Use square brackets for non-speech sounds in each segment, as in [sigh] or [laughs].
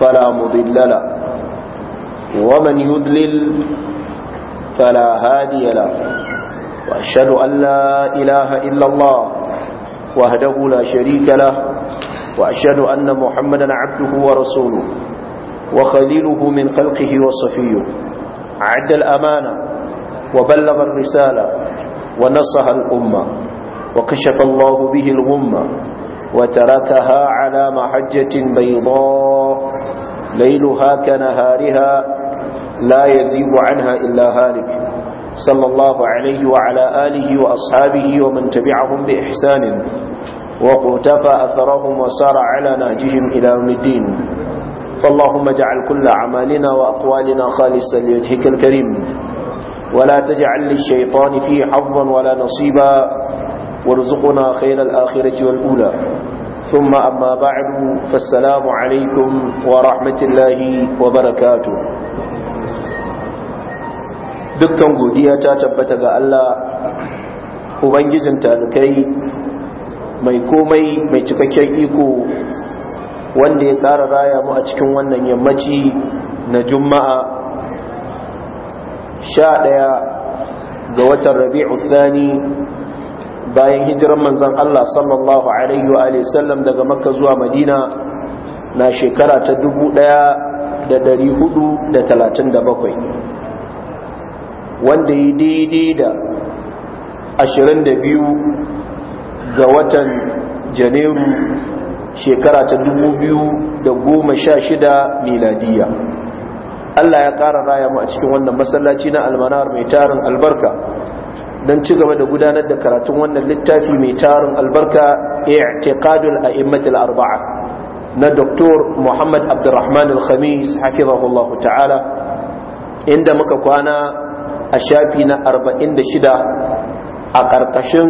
فلا مضل له ومن يضلل فلا هادي له وأشهد أن لا إله إلا الله وهده لا شريك له وأشهد أن محمدا عبده ورسوله وخليله من خلقه وصفيه عد الأمانة وبلغ الرسالة ونصها الأمة وكشف الله به الغمة وتركها على محجة بيضاء ليلها كنهارها لا يزيب عنها إلا هالك صلى الله عليه وعلى آله وأصحابه ومن تبعهم بإحسان وقتفى أثرهم وسار على نهجهم إلى يوم الدين فاللهم اجعل كل أعمالنا وأقوالنا خالصا لوجهك الكريم ولا تجعل للشيطان فيه حظا ولا نصيبا وارزقنا خير الآخرة والأولى ثم أما بعد فالسلام عليكم ورحمة الله وبركاته dukkan godiya ta tabbata ga Allah ubangijin talikai mai komai mai cikakken iko wanda ya tsara raya mu a cikin wannan yammaci na juma'a sha ɗaya ga watan rabi'u thani bayan hijiran manzon Allah sallallahu alaihi wa sallam daga makka zuwa madina na shekara ta 1437 wanda yi daidai da ashirin da 22 ga watan janairu shekara ta goma sha 2016 miladiya Allah ya ƙara raya mu a cikin wannan masallaci na almanar mai tarin albarka don ci gaba da gudanar da karatun wannan littafi mai tarin albarka i'tiqadul a'immatul arba'a na doktor Muhammad Abdulrahman Al-Khamis hafizahullahu ta'ala inda muka kwana a shafi na 46 a ƙarƙashin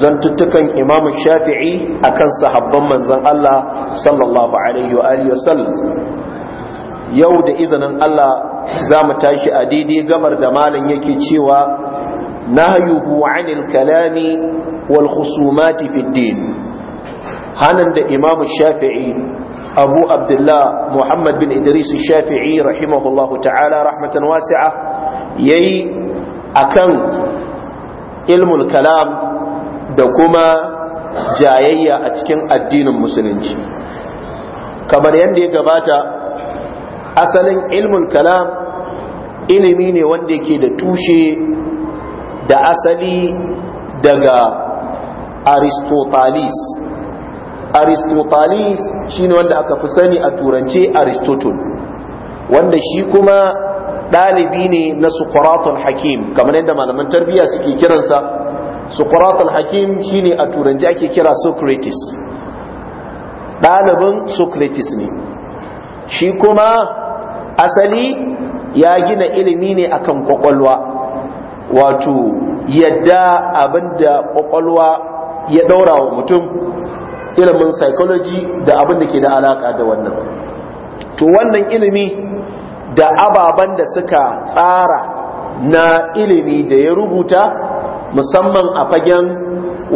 zantuttukan Imam Shafi'i akan sahabban manzon Allah sallallahu alaihi wa alihi wasallam yau da izinin Allah za mu tashi a daidai gabar da malam yake cewa nahayuhu anil kalami wal khusumati fi din hanan da imam shafi'i abu abdullah muhammad bin idris shafi'i rahimahullahu ta'ala rahmatan wasi'a yayi akan ilmul kalam da kuma jayayya a cikin addinin musulunci kamar yadda ya gabata asalin ilmul kalam ilimi ne wanda yake da tushe da asali daga aristotalis shi shine wanda aka fi sani a turance aristotle wanda shi kuma ɗalibi ne na sukuratun hakim kamar yadda malaman tarbiyya suke kiransa sukuratun hakim shine a turance ake kira socrates ɗalibin socrates ne shi kuma asali ya gina ilimi ne akan kwakwalwa wato yadda abinda kwakwalwa ya ɗaura wa mutum ilimin psychology da abin da ke da alaka da wannan to wannan ilimi da ababen da suka tsara na ilimi da ya rubuta musamman a fagen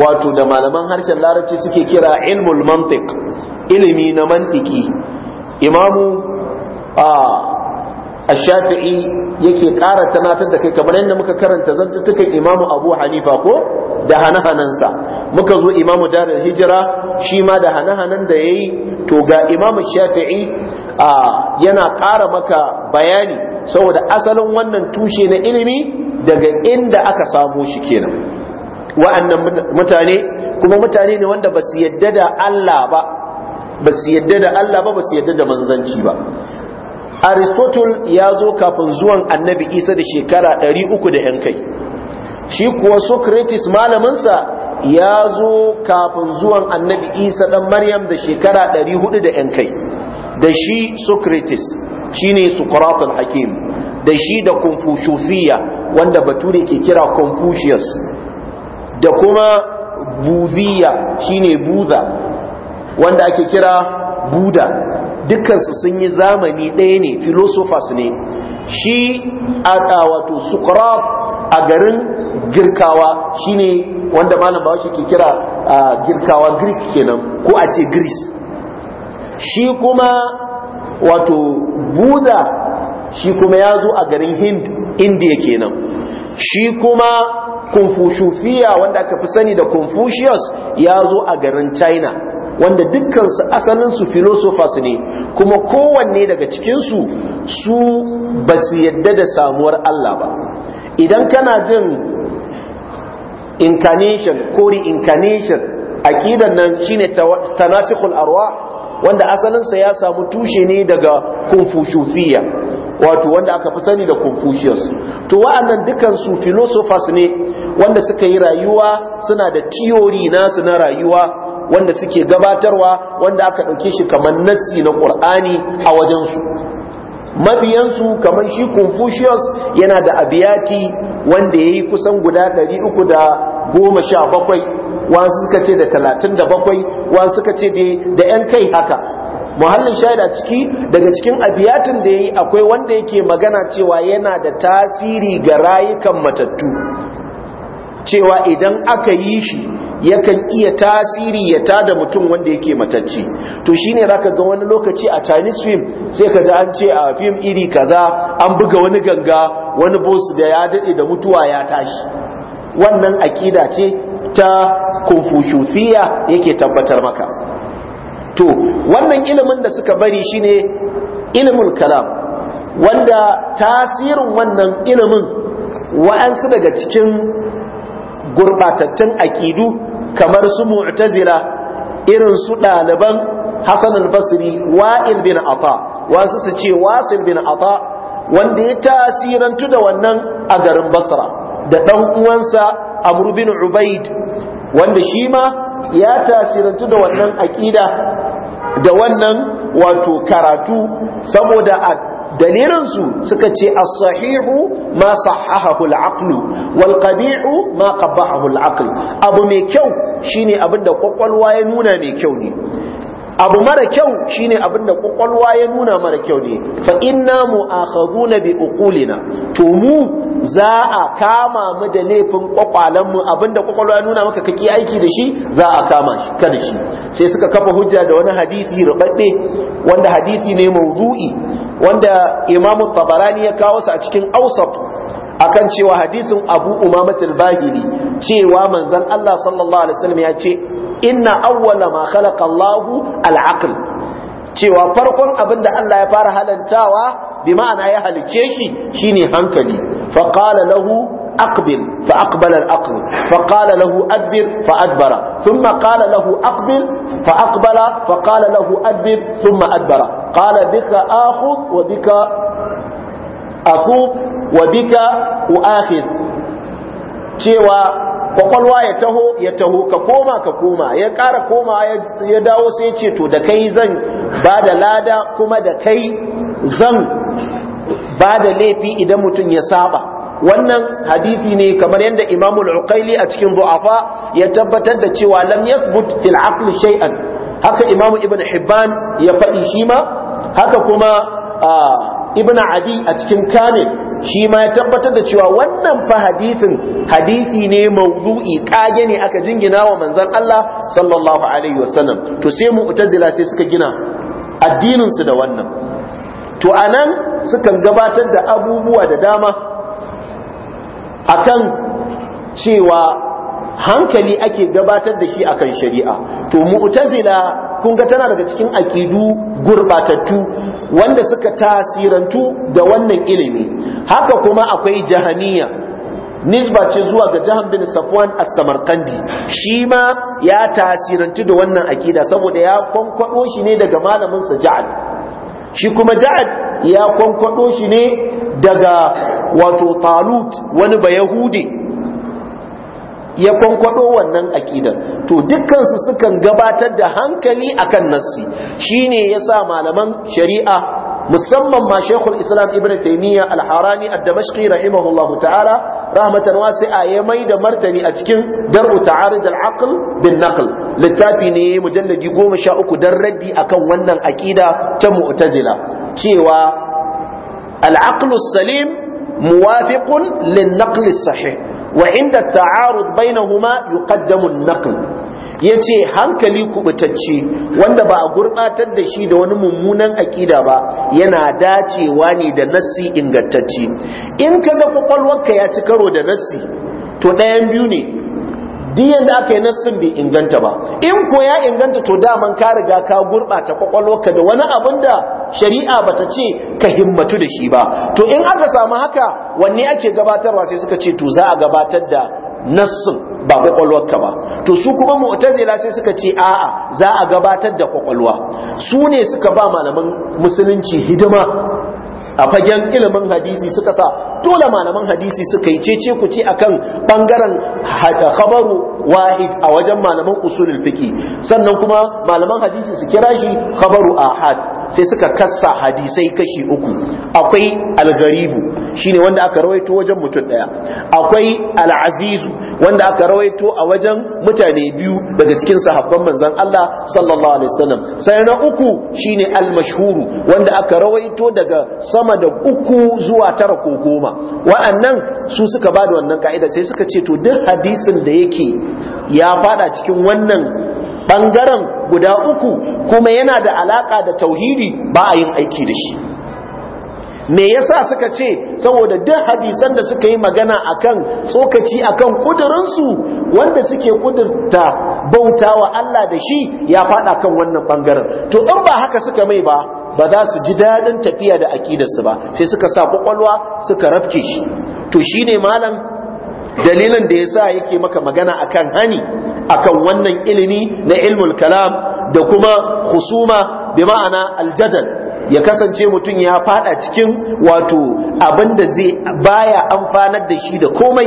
wato da malaman harshen larabci suke kira ilmul mantik ilimi na mantiki imamu a ah, a shafii yake ƙara tanatar da kai kamar yadda muka karanta zantuttukan imamu abu hanifa ko da hanahanansa muka zo imam darul hijira shi ma da hanahanan da yayi to ga imam shafi'i yana ƙara maka bayani saboda asalin wannan tushe na ilimi daga inda aka samo shi kenan wa'annan mutane kuma mutane ne wanda basu su da Allah ba basu yarda da Allah ba basu su da manzanci ba aristotle ya zo kafin zuwan annabi isa da shekara 300 da yan kai shi kuwa socrates malaminsa ya zo kafin zuwan annabi isa dan maryam da shekara 400 da yan kai da shi socrates ne socrates hakim da shi da confuciusia wanda bature ke kira confucius da kuma buziya ne buza wanda ake kira buda dukansu sun yi zamani ɗaya ne filosofas ne shi a wato sukrat a garin girkawa shine wanda malam ba ke kira girkawa greek kenan ko a ce greece shi kuma wato buda shi kuma ya zo a garin hind india kenan shi kuma kumfushufiya wanda aka fi sani da confucius ya zo a garin china wanda dukkansu asalinsu philosophers ne kuma kowanne daga cikinsu su ba su yadda da samuwar Allah ba idan kana jin incarnation ko reincarnation aqidan nan shine tanasikhul arwa wanda asalinsa ya samu tushe ne daga confucianism, wato wanda aka fi sani da confucius to wa'annan dukansu philosophers ne wanda suka yi rayuwa suna da theory nasu na rayuwa wanda suke gabatarwa wanda aka ɗauke shi kamar nassi na ƙur'ani a wajensu mabiyansu kamar shi confucius yana da abiyati wanda ya yi kusan guda ɗari uku suka ce da talatin da suka ce da 'yan kai haka muhallin shaida ciki daga cikin abiyatin da ya yi akwai wanda yake magana cewa yana da tasiri ga rayukan matattu cewa idan aka yi shi yakan iya tasiri ya tada mutum wanda yake matacce to shine zaka ga wani lokaci a Chinese film sai ka an ce a film iri kaza an buga wani ganga wani boss da ya dade da mutuwa ya tashi wannan akida ce ta confuciusiya yake tabbatar maka to wannan ilimin da suka bari shine ilimin kalam wanda tasirin wannan ilimin wa'ansu daga cikin gurbatattun akidu kamar su mu'tazila irin su ɗaliban Hassan al-Basri Wa'il bin Ata wasu su ce Wasil bin Ata wanda ya tasirantu da wannan a garin Basra da ɗan uwansa Amr bin Ubaid wanda shi ma ya tasirantu da wannan aƙida da wannan wato karatu saboda a dalilinsu suka ce as-sahihu ma sahahahu al-aqlu wal qabihu ma qabahahu al-aql abu mai kyau shine da kwakwalwa ya nuna mai kyau ne abu mara kyau shine abin da kwakwalwa ya nuna mara kyau ne fa inna mu'akhadhuna bi uqulina to mu za a kama mu da laifin kwakwalen mu abinda kwakwalwa ya nuna maka kake aiki da shi za a kama shi kada shi sai suka kafa hujja da wani hadisi rubabbe wanda hadisi ne mawdu'i wanda imamu tabarani ya kawo su a cikin ausaf akan cewa hadisin abu umamatul bahiri cewa manzon Allah sallallahu alaihi wasallam ya ce inna awwala ma khalaqa Allahu al-aql cewa farkon abin da Allah ya fara halantawa bi ma'ana ya halice shi shine hankali fa qala lahu aqbil fa aqbala al-aql fa qala lahu adbir fa adbara thumma qala lahu aqbil fa aqbala fa qala lahu adbir thumma adbara qala bika akhudh wa bika akhudh cewa kwakwalwa ya taho ya taho ka koma ka koma ya ƙara koma ya dawo sai ce to da kai zan ba da lada kuma da kai zan ba da laifi idan mutum ya saba wannan hadisi ne kamar yadda Imam al a cikin Du'afa ya tabbatar da cewa lam yathbut fil aql shay'an haka imamu Ibn Hibban ya faɗi shi ma haka kuma ah, ibn adi a cikin kamil shi ma ya tabbatar da cewa wannan fa hadisin hadisi ne mawdu'i kage ne aka jingina wa manzon Allah sallallahu alaihi wasallam to sai mu'tazila sai suka gina addinin su da wannan to anan suka gabatar da abubuwa da dama akan cewa hankali ake gabatar da shi akan shari'a to mu'tazila kun ga tana daga cikin akidu gurbatattu wanda suka tasirantu da wannan ilimi haka kuma akwai jahaniya nisba ce zuwa ga jahan bin safwan a samarkandi shi ma ya tasirantu da wannan akida saboda ya kwankwaɗo shi ne daga malaminsa sa ja'ad shi kuma ja'ad ya kwankwaɗo shi ne daga wato talut wani bayahudi ya kwankwado wannan aqidan to dukkansu sukan gabatar da hankali akan nassi shine yasa malaman shari'a musamman ma shekul islam ibn taimiyya al-harani ad-damashqi rahimahullahu ta'ala rahmatan wasi'a ya mai da martani a cikin dar'u ta'arid al-aql bin naql littafi ne mujalladi 13 dan raddi akan wannan aqida ta mu'tazila cewa al-aql as-salim muwafiqun lin-naql as-sahih wa inda ta'arud bainahuma yuqaddamu an-naql yace hankali kubutacce wanda ba a gurbatar da shi da wani mummunan aƙida ba yana dacewa ne da nassi ingantacce in ka ga kwakwalwarka ya ci karo da nassi to ɗayan biyu ne diyan da aka yi nassin bai inganta ba in ko ya inganta to daman ka riga ka gurɓata ka da wani abin da shari'a bata ce ka himmatu da shi ba to in aka samu haka wanne ake gabatarwa sai suka ce to za a gabatar da nassin ba kwakwalwarka ba to su kuma mu'tazila sai suka ce a'a za a gabatar da kwakwalwa su ne suka ba malaman musulunci hidima a fagen ilimin hadisi suka sa dole malaman hadisi suka yi cece ku ce akan bangaren khabaru wahid a wajen malaman usulul fiki, sannan kuma malaman hadisi su kira shi khabaru ahad sai suka kassa hadisai kashi uku akwai algaribu shine wanda aka rawaito wajen mutum daya akwai al aziz wanda aka rawaito a wajen mutane biyu daga cikin sahabban manzon Allah sallallahu alaihi wasallam sai na uku shine al mashuru wanda aka rawaito daga sama da uku zuwa tara ko goma wa'annan su suka bada wannan ka'ida sai suka ce to duk hadisin da yake ya fada cikin wannan bangaren guda uku kuma yana da alaka da tauhidi ba a yin aiki da shi me yasa suka ce saboda duk hadisan da suka yi magana akan tsokaci akan kudurinsu wanda suke kudurta bautawa Allah da shi ya fada kan wannan bangaren to in ba haka suka mai ba ba za su ji dadin tafiya da su ba sai suka sa kwakwalwa suka rafke shi to shine malam dalilin da yasa yake maka magana akan hani akan wannan ilimi na ilmul kalam da kuma husuma bi ma'ana aljadal ya kasance mutum ya fada cikin wato abin da zai baya amfanar da shi da komai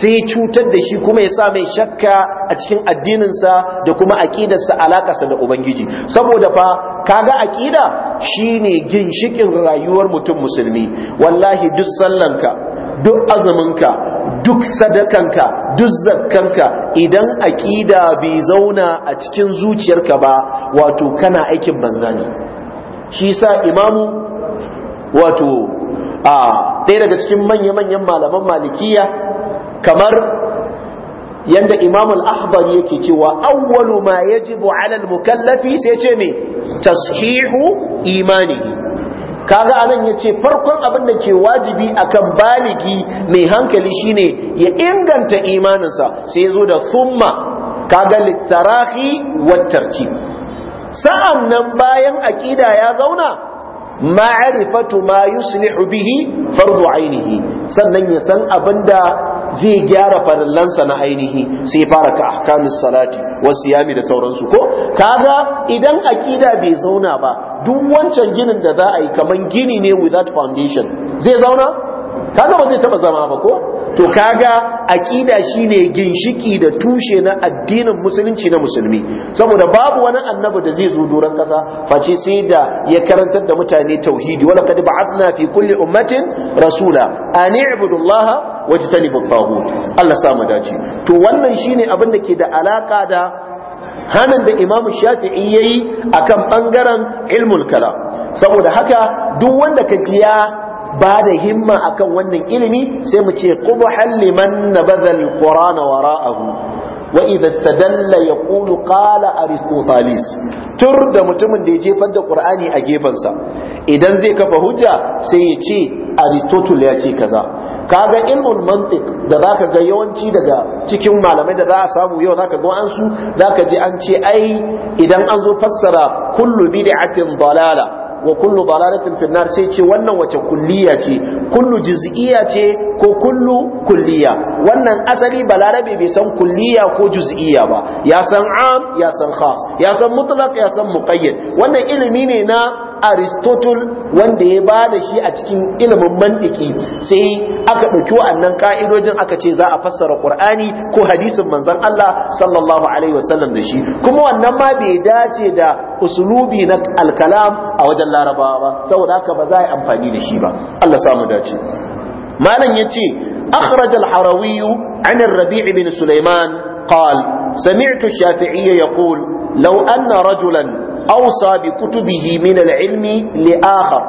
sai cutar da shi kuma ya sa mai shakka a cikin addininsa da kuma aƙidarsa alakarsa da ubangiji saboda fa kaga aƙida shine ginshikin rayuwar mutum musulmi wallahi duk sallanka duk azuminka duk sadakanka duk zakkanka idan aƙida bai zauna a cikin zuciyarka ba wato kana aikin banza ne shi sa imamu wato a ɗaya daga cikin manya-manyan malaman malikiya kamar yadda imamul ahbar yake cewa awwalu ma yaji ala mukallafi sai ce me tashihu imani kaga anan ya ce farkon abin da ke wajibi akan baligi mai hankali shine ya inganta imaninsa sai zo da summa kaga littarahi wattarci sa'an nan bayan aƙida ya zauna ma'arifatu ma yuslihu bihi fardu ainihi sannan ya san abinda zai gyara farillansa na ainihi sai fara ka ahkamis salati wasu yami da sauransu ko kaga idan aƙida bai zauna ba duk wancan ginin da za a yi kaman gini ne without foundation zai zauna kaga ba zai taba zama ba ko to kaga aqida shine ginshiki da tushe na addinin musulunci na musulmi saboda babu wani annabi da zai zo doron kasa face sai da ya karantar da mutane tauhidi wala kad ba'athna fi kulli ummatin rasula an i'budu allaha wajtanibu at-taghut Allah sa mu dace to wannan shine abin da ke da alaka da hanan da imamu shafi'i yayi akan bangaren ilmul kalam saboda haka duk wanda ka ji ya ba da himma akan wannan ilimi sai mu ce qubhan liman nabadha alqur'ana wara'ahu wa idha istadalla yaqulu qala aristotelis tur da mutumin da ya jefar da qur'ani a sa idan zai kafa hujja sai ya ce aristotle ya ce kaza kaga ilmul mantiq da zaka ga yawanci daga cikin malamai da za a samu yau zaka ga an su zaka ji an ce ai idan an zo fassara kullu bid'atin balala. wa kullu dalalatin fi nar sai ce wannan wace kulliya ce kullu juz'iyya ce ko kullu kulliya wannan asali balarabe bai san kulliya ko juz'iyya ba ya san am ya san khas ya san mutlaq ya san muqayyad wannan ilimi ne na aristotle wanda ya ba da shi a cikin ilimin mantiki sai aka ɗauki wa'annan ka'idojin aka ce za a fassara ƙur'ani ko hadisin manzon Allah sallallahu alaihi wasallam da shi kuma wannan ma bai dace da usulubi na alkalam a wajen larabawa ba saboda haka ba za a yi amfani da shi ba Allah samu dace malam yace أخرج الحروي عن الربيع بن سليمان قال سمعت الشافعي يقول لو أن رجلا أوصى بكتبه من العلم لآخر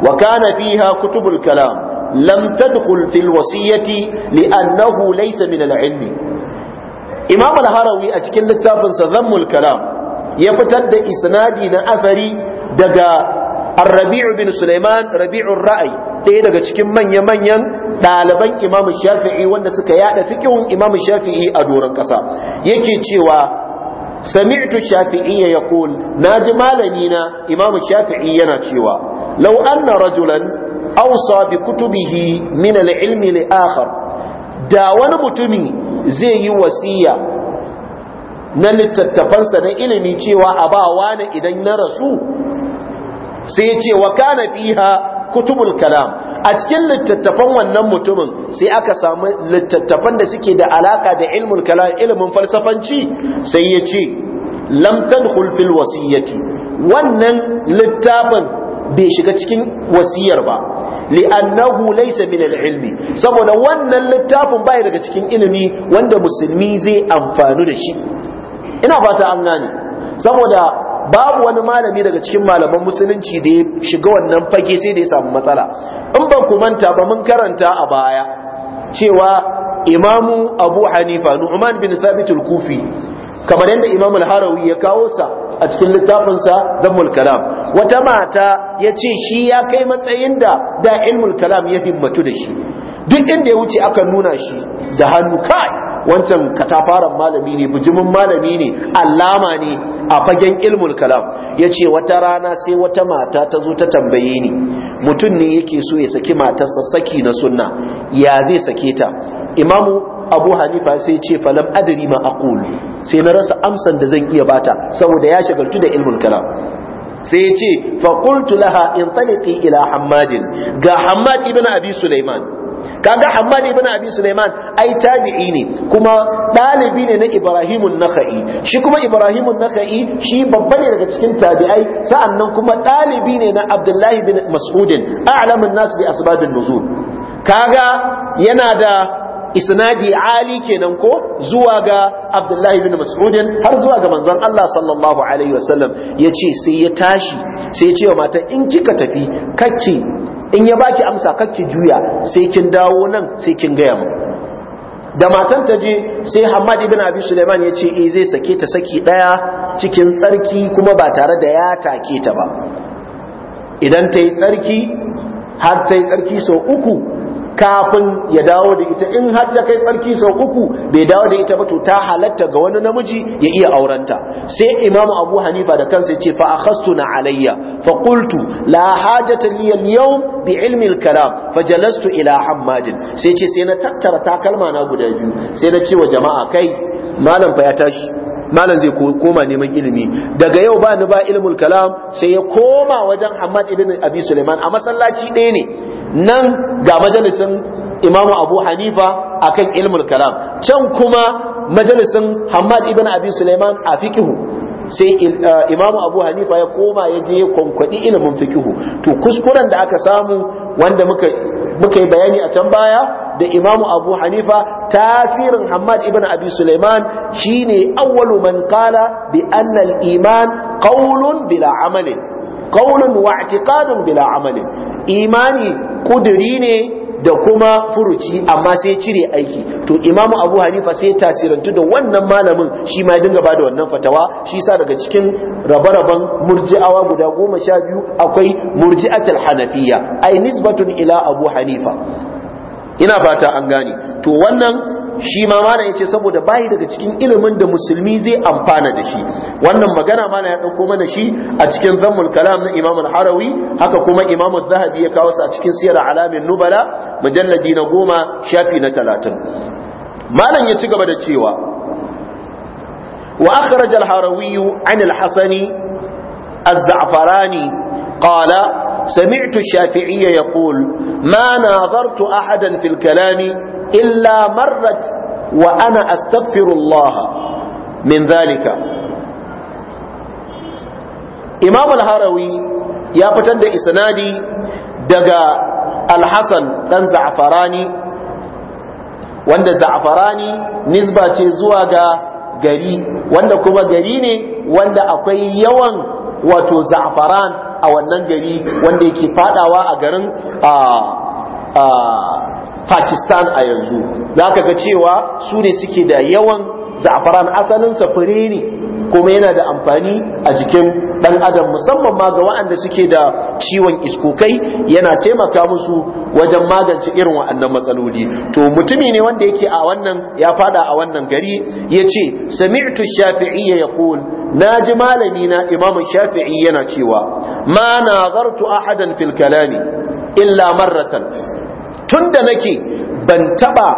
وكان فيها كتب الكلام لم تدخل في الوصية لأنه ليس من العلم إمام الهروي أتكلم للتافنس ذم الكلام يفتد إسنادي نأثري دقاء الربيع بن سليمان ربيع الرأي ɗaya daga cikin manya-manyan ɗaliban imam shafi'i wanda suka yada fikihun imam shafi'i a doron ƙasa yake cewa sami'tu ya yaqul naji malami na imamu shafi'i yana cewa law anna rajulan awsa bi kutubihi min al-ilmi li da wani mutumi zai yi wasiya na littattafansa na ilimi cewa a ba wani idan na rasu sai ya ce wa kana fiha kutubul kalam a cikin littattafan wannan mutumin sai aka samu littattafan da suke da alaka da ilmin kalam ilmin falsafanci sai ya ce lam tadkhul fil wasiyyati wannan littafin bai shiga cikin wasiyar ba li'annahu laysa min al-ilmi saboda wannan littafin bai daga cikin ilimi wanda musulmi zai amfanu da shi ina fata an gane saboda babu wani malami daga cikin malaman musulunci da ya shiga wannan fage sai da ya samu matsala in ba ku manta ba mun karanta a baya cewa imamu abu hanifa nu'man bin thabit kufi kamar yadda imamu al-harawi ya kawo sa a cikin littafinsa zammul kalam wata mata ya ce shi ya kai matsayin da da ilmul kalam ya himmatu da shi duk inda ya wuce aka nuna shi da hannu kai wancan katafaren malami ne bujimin malami ne allama ne a fagen ilmul kalam ya ce wata rana sai wata mata ta zo ta tambaye ni mutum ne yake so ya saki matarsa saki na sunna ya zai sake ta imamu abu hanifa sai ce falam adari ma aqulu sai na rasa amsan da zan iya bata saboda ya shagaltu da ilmul kalam sai ya ce faƙultu laha in ila hamadin. ga hammad ibn abi sulaiman kaga Hamad ibn Abi Sulaiman ai tabi'i ne kuma ɗalibi ne na Ibrahim an-Nakhai shi kuma Ibrahim an-Nakhai shi babba ne daga cikin tabi'ai sa'annan kuma ɗalibi ne na Abdullah ibn Mas'ud a'lamun nas bi asbabin nuzul kaga yana da isnadi ali kenan ko zuwa ga abdullahi ibn mas'udin har zuwa ga manzon Allah sallallahu alaihi wasallam yace sai ya tashi sai ya ce wa mata in kika tafi kake in ya baki amsa kakki juya sai kin dawo nan sai kin gaya mu da matan ta je sai Hamad bin Abi Suleiman ya ce eh zai sake ta saki daya cikin tsarki kuma ba tare da ya take ta ba idan ta yi tsarki har ta yi tsarki sau uku kafin ya dawo da ita in har ta kai barki sau uku bai dawo da ita ba to ta halatta ga wani namiji ya iya aurenta sai imamu abu hanifa da kansa ce fa akhastu na alayya fa qultu la hajata li al yawm bi ilmi al kalam fa jalastu ila hammadin sai ce sai na tattara takalma na guda biyu sai na ce wa jama'a kai malam fa ya tashi malam zai koma neman ilimi daga yau ba ni ba ilmul kalam sai ya koma wajen Ahmad ibn Abi Sulaiman a masallaci ɗaya ne nan ga majalisin imamu abu hanifa akan ilmul kalam can kuma majalisin hamad ibn abi suleiman a fikihu sai uh, imamu abu hanifa ya koma ya je kwankwadi ilimin fikihu to kuskuren da aka samu wanda muka bayani a can baya da imamu abu hanifa tasirin hamad ibn abi suleiman shine awwalu man qala bi anna iman qawlun bila amalin qawlun wa i'tiqadun bila amalin imani kudiri ne da kuma furuci amma sai cire aiki to imamu abu hanifa sai tasirantu da wannan malamin shi ma ya dinga bada wannan fatawa shi sa daga cikin rabe-raben murji'awa guda goma sha biyu akwai murji'atul hanafiya ai nisbatun ila abu hanifa ina fata an gane to wannan shi ma mana yace saboda bayi daga cikin ilimin da musulmi zai amfana da shi wannan magana mana ya dauko mana shi a cikin zammul kalam na imamul harawi haka kuma Imam zahabi ya kawo sa a cikin siyar alamin nubala mujalladi na goma shafi na talatin malam ya ci gaba da cewa wa akhraj al-Harawi an al-Hasani az-Za'farani قال سمعت الشافعي يقول ما ناظرت أحدا في الكلام illa marrat wa ana astaghfirullah min zalika imam al-harawi ya fitar da isnadi daga al-hasan dan za'farani wanda za'farani nisba ce zuwa ga gari wanda kuma gari ne wanda akwai yawan wato za'faran a wannan gari wanda yake faɗawa a garin A'a. pakistan a yanzu za ka ga cewa su ne suke da yawan za'afaran asalin fure ne kuma yana da amfani a jikin ɗan adam musamman ma ga waɗanda suke da ciwon iskokai yana taimaka musu wajen magance irin wa'annan matsaloli to mutumi ne wanda yake a wannan ya fada a wannan gari ya ce sami'tu shafi'i ya na ji malami na imamu shafi'i yana cewa ma nazartu ahadan fil kalami illa marratan tun da nake ban taɓa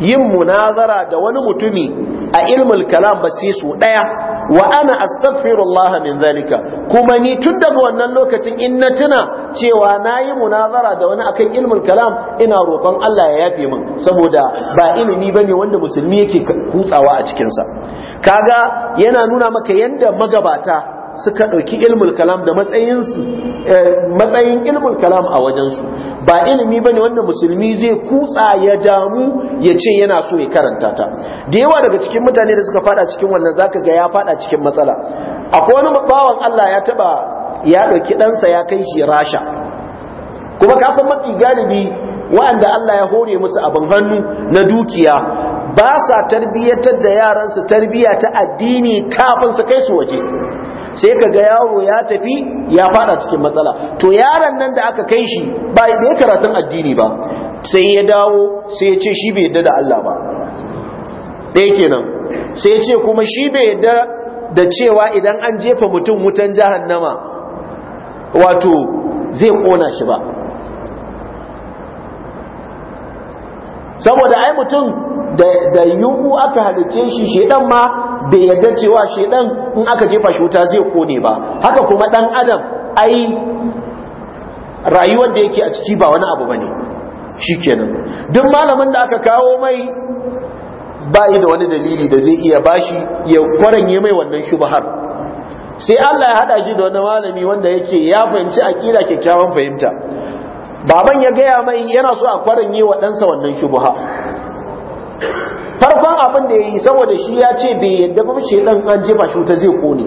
yin munazara da wani mutumi a ilmul kalam ba sai su daya wa ana astaghfirullah min zalika kuma ni tun daga wannan lokacin in na tuna cewa nayi munazara da wani akan ilmul kalam ina roƙon Allah ya yafe min saboda ba ilimi bane wanda musulmi yake kutsawa a cikin sa kaga yana nuna maka yanda magabata suka ɗauki ilmul kalam da eh, matsayin ilmul kalam a wajen su. ba ilimi ba ne wanda musulmi zai kutsa ya damu ya ce yana so ya karanta ta da yawa daga cikin mutane da suka fada cikin wannan zaka ga ya fada cikin matsala akwai wani bawan Allah ya taba ya ɗauki ɗansa ya kai shi rasha kuma ka san mafi galibi wa'anda Allah ya hore musu abin hannu na dukiya ba sa tarbiyyatar da yaransu tarbiyya ta addini kafin su kai su waje sai ka ga yaro ya tafi ya fada cikin matsala to yaron nan da aka kai shi ba ya karatun addini ba sai ya dawo sai ya ce shi bai yadda da Allah ba ɗaya kenan sai ya ce kuma shi bai yadda da cewa idan an jefa mutum wutan jahannama wato zai kona shi ba saboda ai mutum da yunwu aka halice shi shedan ma bai yarda cewa dan in aka jefa shi wuta zai kone ba haka kuma dan adam ai rayuwar da yake a ciki ba wani abu bane shikenan duk malamin da aka kawo mai bai da wani dalili da zai iya bashi ya kwaranye mai wannan shubhar sai Allah ya hada shi da wani malami wanda yake ya fahimci akida kyakkyawan fahimta baban ya gaya mai yana so a kwaranye wa ɗansa wannan shubha farkon abin da ya yi saboda shi ya ce bai yadda ba dan an jefa shi wuta zai kone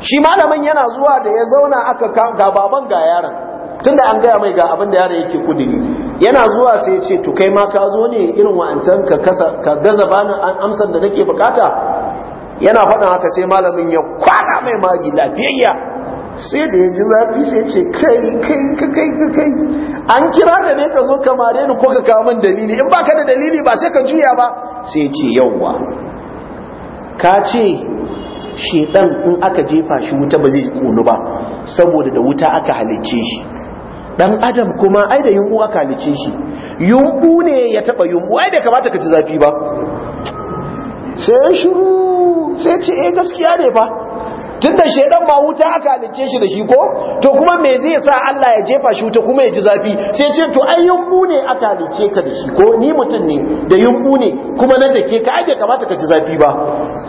shi malamin yana zuwa da ya zauna aka ga baban ga yaron tunda an gaya mai ga abin da yaran yake kudiri yana zuwa sai ya ce to kai ma ka zo ne irin wa'ancan ka kasa ka gaza bani an amsar da nake bukata yana faɗin haka sai malamin ya kwana mai magi lafiyayya sai da ya ji zafi sai ce kai kai kai kai an kira ka ne ka zo ka mare ni ko ka kawo min dalili in baka da dalili ba sai ka juya ba sai ce yawwa ka ce shedan in aka jefa shi wuta ba zai kunu ba saboda da wuta aka halicce shi dan adam kuma ai da yunbu aka halicce shi yunbu ne ya taba yunbu ai da kamata ka ci zafi ba sai shiru sai ce eh gaskiya ne fa tunda shedan ma wuta aka halicce shi da shi ko to kuma me zai sa Allah ya jefa shi wuta kuma ya ji zafi sai ce to ai yunbu ne aka halicce ka da shi ko ni mutum ne da yunbu ne kuma na take ka ai kamata ka ji zafi ba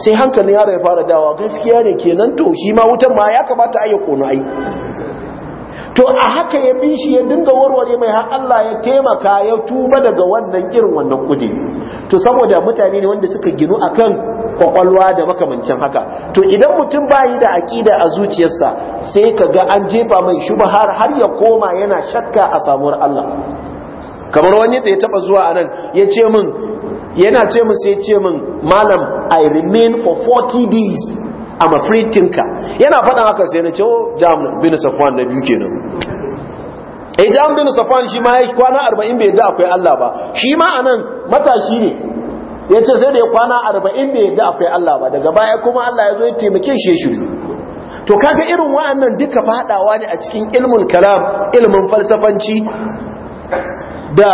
sai hankalin yaro ya fara dawa gaskiya ne kenan to shi ma wutan ma ya kamata ai ya kono ai to a haka ya bi shi ya dinga warware mai har Allah ya taimaka ya tuba daga wannan irin wannan kudi to saboda mutane ne wanda suka ginu akan kwakwalwa da makamancin haka to idan mutum bayi da aƙida a zuciyarsa sai ka ga an jefa mai shubhar har ya koma yana shakka a samuwar Allah kamar wani da ya taba zuwa anan ya ce min yana ce min sai ce min malam i remain for 40 days i'm a free thinker yana faɗan haka sai na ce oh jamu bin safwan na biyu kenan eh, jamu bin Safwan shi ma ya kwana 40 bai da akwai Allah ba shi ma anan matashi ne ya ce sai da ya kwana arba'in da ya ga akwai Allah ba daga baya kuma Allah ya zo ya taimake shi ya shiryu to kaga irin wa'annan duka fadawa ne a cikin ilmin kalam ilmin falsafanci da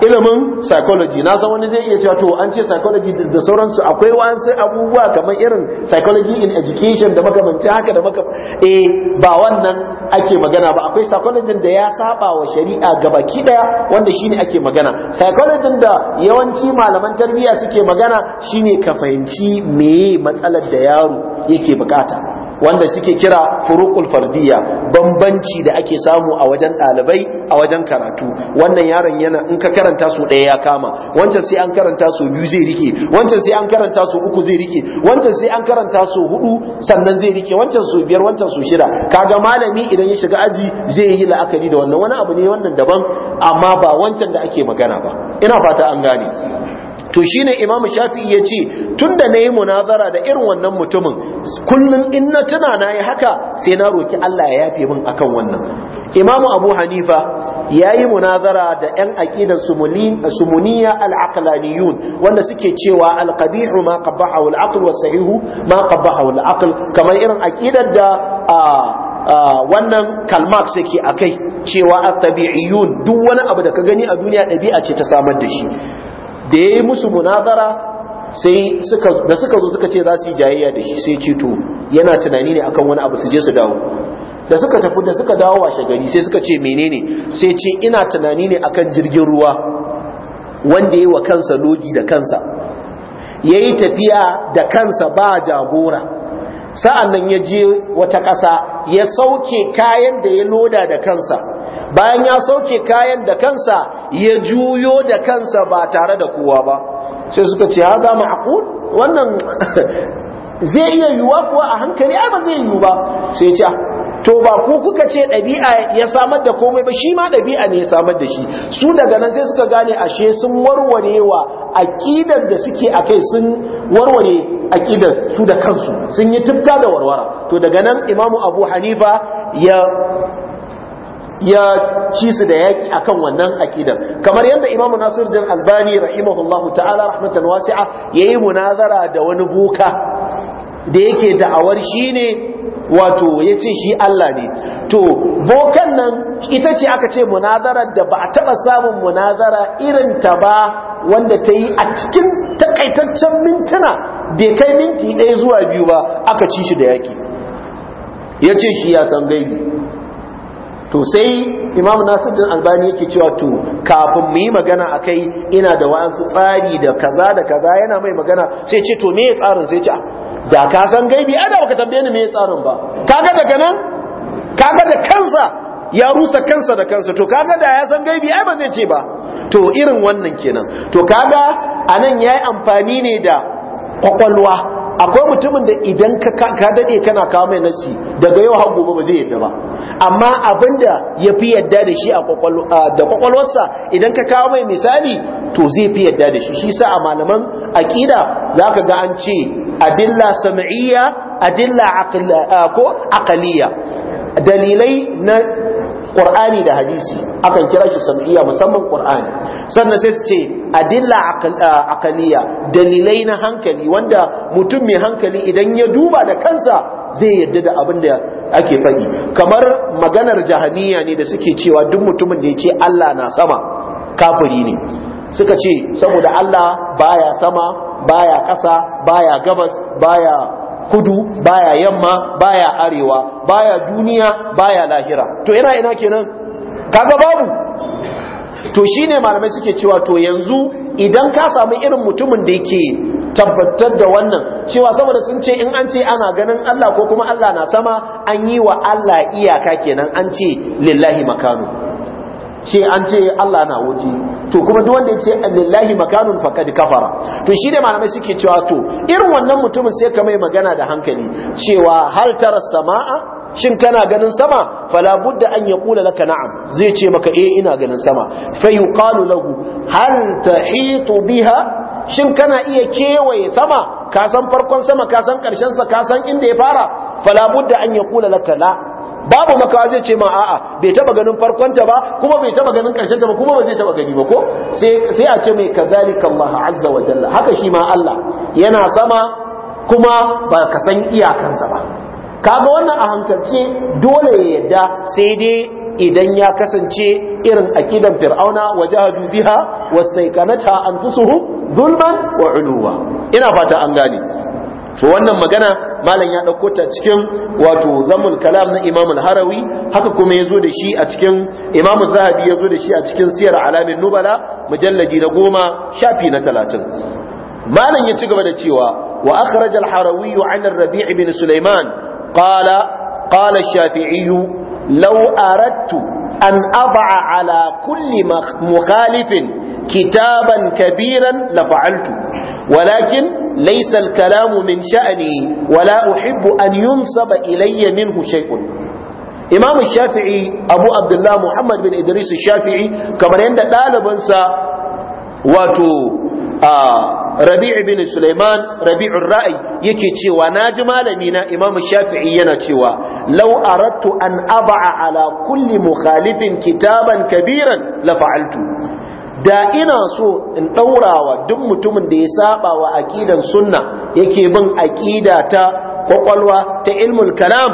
ilimin psychology na san wani zai iya cewa to an ce psychology da sauransu akwai wasu abubuwa kamar irin psychology in education da makamanci haka da maka eh ba wannan ake magana ba akwai psychology da ya saba wa shari'a gaba daya wanda shine ake magana psychology da yawanci malaman tarbiyya suke magana shine ka fahimci me matsalar da yaro yake bukata wanda suke kira furuqul fardiyya bambanci da ake samu a wajen ɗalibai a wajen karatu wannan yaron yana in ka karanta su ɗaya ya kama wancan sai an karanta su biyu zai rike wancan sai an karanta su uku zai rike wancan sai an karanta su hudu sannan zai rike wancan su biyar wancan su shida kaga malami idan ya shiga aji zai yi la'akari da wannan wani abu ne wannan daban amma ba wancan da ake magana ba ina fata an gane to shine imamu shafi'i ya ce tunda na yi munazara da irin wannan mutumin kullum in na tuna na yi haka sai na roki Allah ya yafe min akan wannan imamu abu hanifa ya yi munazara da 'yan aƙidar sumuniya al'aqlaniyun wanda suke cewa alƙabihu ma qabbaha wal wa sahihu ma qabbaha wal kamar irin aƙidar da wannan kalmak suke akai cewa at-tabi'iyun duk wani abu da ka gani a duniya ɗabi'a ce ta samar da shi da ya yi musu munazara sai da suka zo suka ce za su yi jayayya da shi sai cito yana tunani ne akan wani abu su je su dawo da suka tafi da suka dawo washe gari sai suka ce menene sai ce ina tunani ne akan jirgin ruwa wanda ya yi wa kansa lodi da kansa ya yi tafiya da kansa ba jagora sa'an nan ya je wata ƙasa ya sauke kayan da ya loda da kansa bayan ya sauke kayan da kansa ya juyo da kansa ba tare da kowa ba sai suka ce haza ma'aqul wannan [laughs] zai iya yiwuwa kuwa a hankali ai ba zai yiwu ba sai ce ah, to ba ku kuka ce ɗabi'a ya samar da komai ba shi ma ɗabi'a ne ya samar da shi su daga nan sai suka gane ashe sun warware wa aƙidar da suke a kai sun warware aƙidar su da kansu sun yi tufka da warwara to daga nan imamu abu hanifa ya ya ci su da yaki akan wannan aƙidar. kamar yadda Imam din Albani rahimahullahu ta'ala rahmatan wasi'a yayi munazara da wani buka da yake da'awar shine wato ya ce shi Allah ne to bokan nan ita ce aka ce munazarar da ba a taɓa samun munazara irin ta ba wanda ta yi a cikin takaitaccen mintuna bai kai minti ɗaya zuwa biyu ba aka ci shi da yaki ya ce shi ya san gaibi to sai imam nasiruddin albani yake cewa to kafin mu yi magana akai ina da wa'ansu tsari da kaza da kaza yana mai magana sai ce to meye tsarin sai ce da ka san gaibi ana baka tambaye ni meye tsarin ba kaga daga nan kaga da kansa ya rusa kansa da kansa to kaga da ya san gaibi ai ba zai ce ba to irin wannan kenan to kaga anan yayi amfani ne da kwakwalwa akwai mutumin da idan ka dade kana kawo mai nasi daga yau har gobe ba zai yadda ba amma abin da ya fi yadda da shi da kwakwalwarsa idan ka kawo mai misali to zai fi yadda da shi shi sa a malaman aƙida za ka ga an ce adilla sam'iyya adilla ko aqaliyya dalilai na qur'ani da hadisi akan kira shi sam'iyya musamman qur'ani sannan sai su ce adilla aqaliya ah, dalilai na hankali wanda mutum mai hankali idan ya duba da kansa zai yadda da abin da ake faɗi kamar maganar jahaniya ne da suke cewa duk mutumin da ya ce Allah na sama kafiri ne suka ce saboda Allah baya sama baya ƙasa baya gabas baya kudu baya yamma baya arewa baya duniya baya lahira to yana ina kenan kaga babu to shine malamai suke cewa to yanzu idan ka samu irin mutumin da yake tabbatar da wannan cewa saboda sun ce in an ce ana ganin Allah ko kuma Allah na sama an yi wa Allah iyaka kenan an ce lillahi makano. ce an ce Allah na wuce to kuma duk wanda ya ce lillahi makanun faqad kafara to shi da malamai suke cewa to irin wannan mutumin sai ka mai magana da hankali cewa hal tara samaa shin kana ganin sama fala budda an yaqula laka na'am zai ce maka eh ina ganin sama fa yuqalu lahu hal tahitu biha shin kana iya kewaye sama ka san farkon sama ka san karshen sa ka san inda ya fara fala budda an yaqula laka la babu maka zai ce ma a'a bai taba ganin farkonta ba kuma bai taba ganin ta ba kuma ba zai taba gani ba ko sai a ce mai kazalika Allah azza wa jalla haka shi ma Allah yana sama kuma ba ka san iyakansa ba kaga wannan a hankalce dole ya yadda sai dai idan ya kasance irin akidan fir'auna wajahadu biha wastaiqanatha anfusuhum zulman wa uluwa ina fata an gane to wannan magana malam ya ɗauko ta cikin wato zamul kalam na imam harawi haka kuma yazo da shi a cikin imam az-zahabi yazo da shi a cikin siyar alamin nubala mujalladi na goma shafi na talatin malam ya ci gaba da cewa wa akhraj al-harawi an ar-rabi' ibn sulaiman qala qala ash-shafi'i law aradtu an ad'a ala kulli mukhalifin kitaban kabiran la fa'altu walakin Laisal kalamu min sha'ani wala uhibbu an yunsaba ilayya minhu shay'un imam shafi'i abu abdullah muhammad bin idris shafi'i kamar yadda ɗalibansa wato rabi'u bin suleiman rabi'ur ra'ayi yake cewa na ji malami na imam shafi'i yana cewa lau aradtu an aba'a ala kulli mukhalifin kitaban kabiran la da ina so in ɗaurawa duk mutumin da ya saba wa aƙidan sunna yake bin aƙida ta kwakwalwa ta ilmul kalam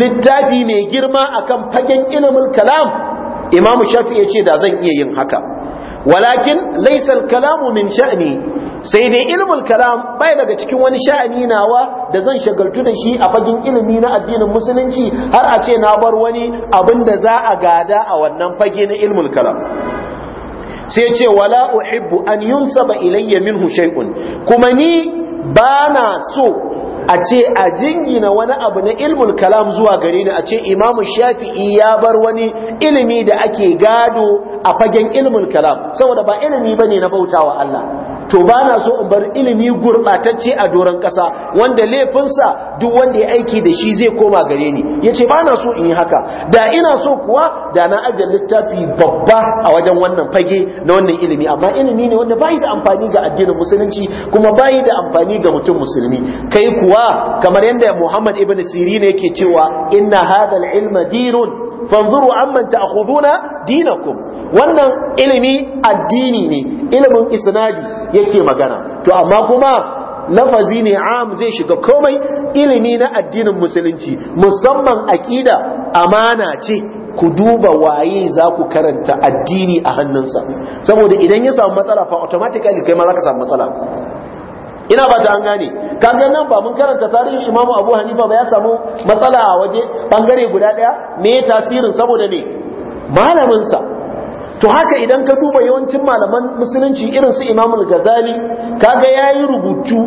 littafi mai girma akan fagen ilmul kalam imamu shafi ya ce da zan iya yin haka walakin laisal kalamu min sha'ni sai dai ilmul kalam bai daga cikin wani sha'ani nawa da zan shagaltu da shi a fagen ilimi na addinin musulunci har a ce na bar wani abin da za a gada a wannan fage na ilmul kalam sai ce wala uhibbu an yunsaba ilayya minhu shay'un kuma ni bana so a ce a jingina wani abu na ilmul kalam zuwa gare ni a ce imamu shafi'i ya bar wani ilimi da ake gado a fagen ilmul kalam saboda ba ilimi bane na bautawa Allah to ba na so in bar ilimi gurɓatacce a doron ƙasa wanda laifinsa duk wanda ya aiki da shi zai koma gare ni ya ce ba na so in yi haka da ina so kuwa da na ajiye littafi babba a wajen wannan fage na wannan ilimi amma ilimi ne wanda bayi da amfani ga addinin musulunci kuma bayi da amfani ga mutum musulmi kai kuwa kamar yadda muhammad ibn sirin yake cewa inna hadal ilma dirun fanzuru amman ta'khuduna dinakum wannan ilimi addini ne ilimin isnadi yake magana to amma kuma lafazi ne am zai shiga komai ilimi na addinin musulunci musamman aqida amana ce ku duba waye za ku karanta addini a hannunsa saboda idan ya samu matsala fa automatically kai ma za ka samu matsala ina ba ta an gane kaga nan ba mun karanta tarihin imamu abu hanifa ba ya samu matsala a waje bangare guda daya me tasirin saboda ne malaminsa to haka idan ka duba yawancin malaman musulunci irin su imamul gazali kaga yayi rubutu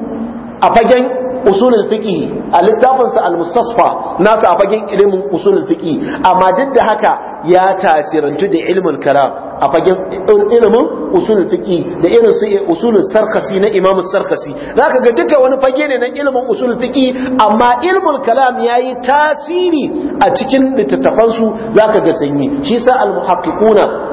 a fagen usulun fiki a littafinsa al-mustasfa nasa a fagen ilimin usulun fiki, amma duk da haka ya tasirantu da ilmin kalam a fagen ilimin usulun fiqi da irin su sarkasi na imamu sarkasi zaka ga duka wani fage ne na ilimin usulun fiqi amma ilmin kalam yayi tasiri a cikin littattafansu za zaka ga sanyi shi sa al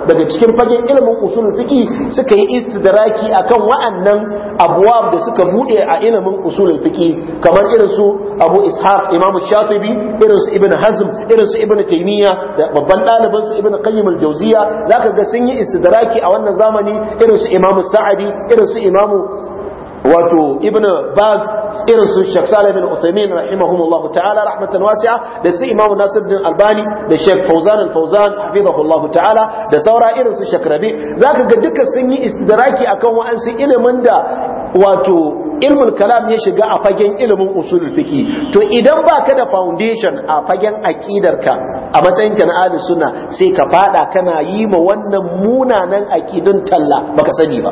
daga cikin fagen ilimin usulun fiqi suka yi istidraki akan wa'annan abwab da suka bude a ilimin usulun fiqi kamar irin su Abu Ishaq Imam Shatibi irin su Ibn Hazm irin su Ibn Taymiyyah da babban ɗaliban su ibn qayyim al-jawziya zaka ga sun yi istidraki a wannan zamani irin su imamu sa'adi irin su imamu wato ibn baz irin su shek salih bin uthaymin ta'ala rahmatan wasi'a da su imam nasiruddin albani da shek fauzan al-fauzan hafizahullahu ta'ala da saura irin su shek rabi zaka ga duka sun yi istidraki akan wa'ansu ilimin da wato ilmul kalam ya shiga a fagen ilimin usulul fiki to idan baka da foundation a fagen aqidarka a matsayinka na ahlus sunna sai ka fada kana yi ma wannan munanan aqidun talla baka sani ba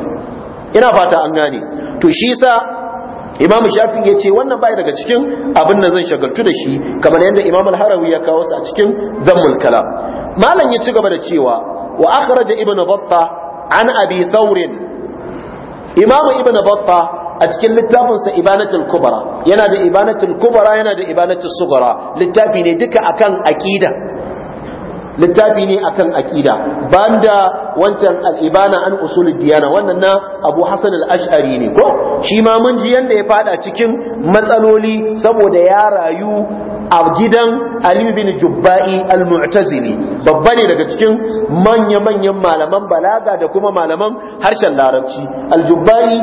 ina fata an gane to shi sa Imam shafi ya ce wannan bai daga cikin abin da zan shagaltu da shi kamar yadda imam al-harawi ya kawo su a cikin zammul kalam malam ya ci gaba da cewa wa akhraja ibn batta an abi thawr Imam ibn Battah a cikin littafinsa ibanatul kubara. yana da ibanatul kubara yana da ibanatul sugura littafi ne duka akan aƙida. littafi ne akan aqida banda wancan al'ibana an usul diyana wannan na Abu Hassan al-Ash'ari ne ko shi ma mun ji yanda ya fada cikin matsaloli saboda ya rayu a gidan Ali bin Jubba'i al-Mu'tazili babba ne daga cikin manya-manyan malaman balaga da kuma malaman harshen Larabci al-Jubba'i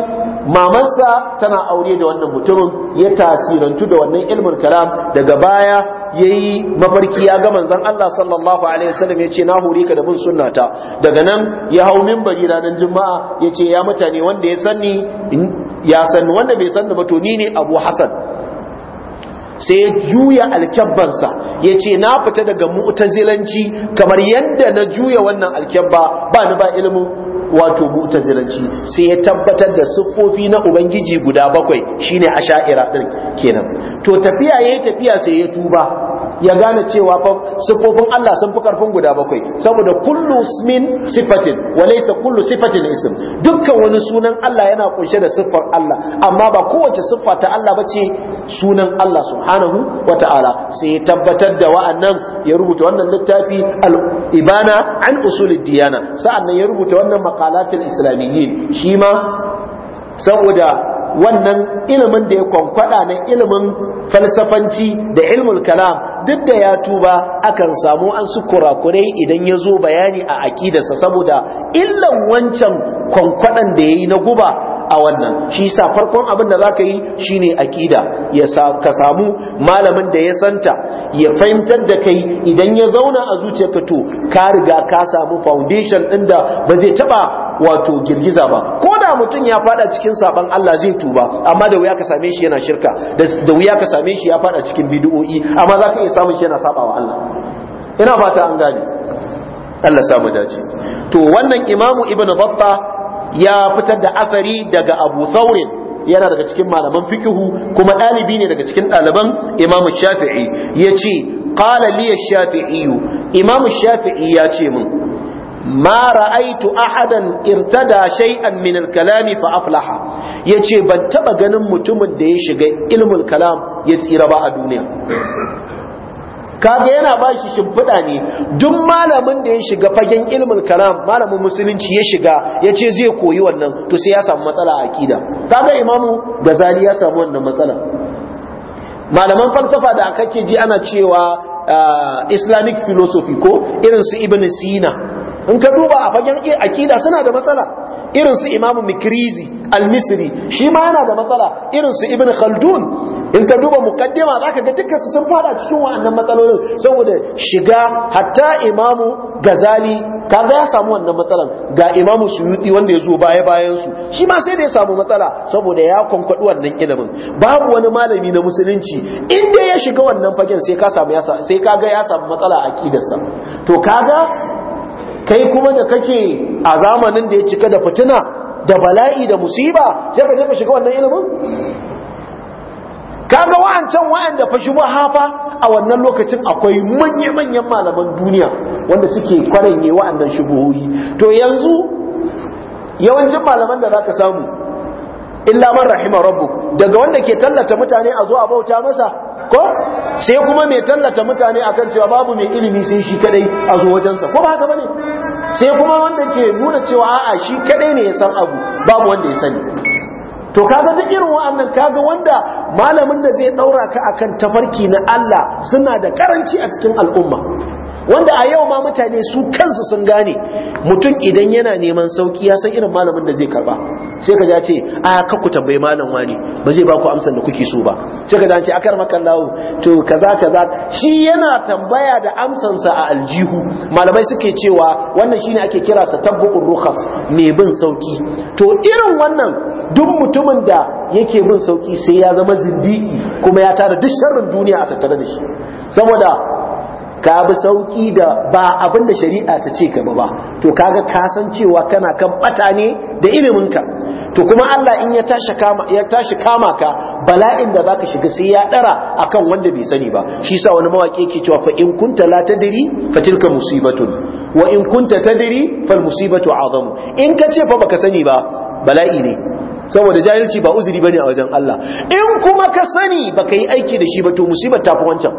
mamansa tana aure da wannan mutumin ya tasirantu da wannan ilmin kalam daga baya yayi mafarki ya ga manzon Allah sallallahu alaihi wasallam ce na hore ka da bin sunnata daga nan ya hau minbari ranar juma'a yace ya mutane wanda ya sanni ya sanni wanda bai sanni ba to ni ne Abu Hassan sai ya juya alkyabbansa ya ce na fita daga mu'tazilanci kamar yadda na juya wannan alkyabba ba ni ba ilimin wato mutazilanci sai ya tabbatar da siffofi na ubangiji guda bakwai shine asha'ira din kenan to tafiya yayi tafiya sai ya tuba ya gane cewa fa sifofin Allah sun fi karfin guda bakwai saboda kullu ismin sifatin wa laysa kullu sifatin ism dukkan wani sunan Allah yana kunshe da siffar Allah amma ba kowace siffa ta Allah bace sunan Allah subhanahu wata'ala ta'ala sai tabbatar da wa'annan ya rubuta wannan littafi al-ibana an usulid diyana sa'annan ya rubuta wannan maqalatul islamiyyin shi ma saboda wannan ilimin da ya kwankwada na ilimin falsafanci da ilmul kalam duk da ya tuba akan samu an su kurakurai idan ya zo bayani a aƙidarsa saboda illan wancan kwankwaɗan da ya yi na guba a wannan shi sa farkon abin da zaka yi shine akida ya ka samu malamin da ya santa ya fahimtar da kai idan ya zauna a ka to ka riga ka samu foundation ɗin da ba zai taba wato girgiza ba ko da mutum ya fada cikin saban Allah zai tuba amma da wuya ka same shi yana shirka da wuya ka same shi ya fada cikin bid'o'i amma za ka iya samun shi yana sabawa Allah ina fata an gane Allah samu dace to wannan imamu ibnu batta ya fitar da asari daga abu saurin yana daga cikin malaman fikihu kuma dalibi ne daga cikin ɗaliban imamu shafi'i ya ce li Shafi'i imam shafi'i ya ce min ما رأيت ahadan ارتدى شيئا من الكلام kalami يجي بان yace ban taba ganin mutumin da ya shiga ilmul kalam ya tsira ba a duniya kaga yana ba shi shimfiɗa ne duk malamin da ya shiga fagen ilmin kalam malamin musulunci ya shiga ya ce zai koyi wannan to sai ya samu matsala a akida kaga imamu gazali ya samu wannan matsala malaman falsafa da aka ke ji ana cewa islamic philosophy ko irin su ibn sina in ka duba a fagen akida suna da matsala irin su imamu mikrizi al-misri shi ma yana da matsala irin su ibn khaldun in ka duba muqaddima zaka ga dukkan su sun fada cikin wannan matsalolin saboda shiga hatta imamu gazali kaga ya samu wannan matsalan ga imamu suyuti wanda ya zo baya bayan su shi ma sai da ya samu matsala saboda ya konkwadu wannan ilimin babu wani malami na musulunci Inda ya shiga wannan fagen sai ka ga ya samu matsala a akidarsa to kaga kai kuma da kake a zamanin da ya cika da fitina da bala'i da musiba sai ka je shiga wannan ilimin kaga wa'ancan wa'anda fashi shi hafa a wannan lokacin akwai manya-manyan malaman duniya wanda suke kwaranye wa'andan shubuhoyi to yanzu yawancin malaman da zaka samu illa man rahima rabbuk daga wanda ke tallata mutane a zo a bauta masa ko sai kuma mai tallata mutane akan cewa babu mai ilimi sai shi kadai a zo wajensa ko ba haka bane sai kuma wanda ke nuna cewa a'a shi kadai ne ya san abu babu wanda ya sani to kaga duk irin wa'annan kaga wanda malamin da zai daura ka akan tafarki na Allah suna da karanci a cikin al'umma wanda a yau ma mutane su kansu sun gane mutum idan yana neman sauki ya san irin malamin da zai karba sai ka ce a ka ku tambayi malam wani ba zai ba ku amsar da kuke so ba sai ka ce a kar to kaza kaza shi yana tambaya da amsansa a aljihu malamai suke cewa wannan shine ake kira tatabbuqur rukhas mai bin sauki to irin wannan duk mutumin da yake bin sauki sai ya zama zindiki kuma ya tara duk sharrin duniya a tattare da shi saboda ka bi sauki da ba abin da shari'a ta ce ka ba ba to kaga ka san cewa kana kan bata ne da ilimin ka to kuma Allah in ya tashi kama ya tashi kama ka bala'in da zaka shiga sai ya dara akan wanda bai sani ba shi yasa wani mawaki yake cewa fa in kunta la tadri fa tilka musibatun wa in kunta tadri fal musibatu azam in ka ce fa baka sani ba bala'i ne saboda jahilci ba uzuri bane a wajen Allah in kuma ka sani baka yi aiki da shi ba to musibar ta fi wancan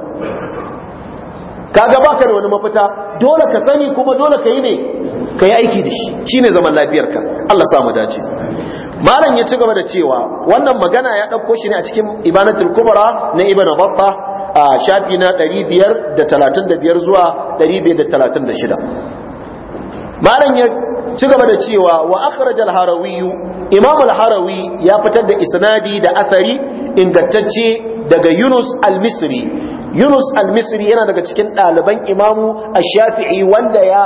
kaga baka da wani mafita dole ka sani kuma dole ka yi ne ka yi aiki da shi shine zaman lafiyarka Allah sa mu dace malam ya ci gaba da cewa wannan magana ya ɗauko shi ne a cikin ibanatul kubra na ibn babba a shafi na 535 zuwa 536 malam ya ci gaba da cewa wa akhrajal harawi imam harawi ya fitar da isnadi da asari ingantacce daga Yunus al-Misri Yunus al-Misri yana daga cikin ɗaliban Imamu a shafii wanda ya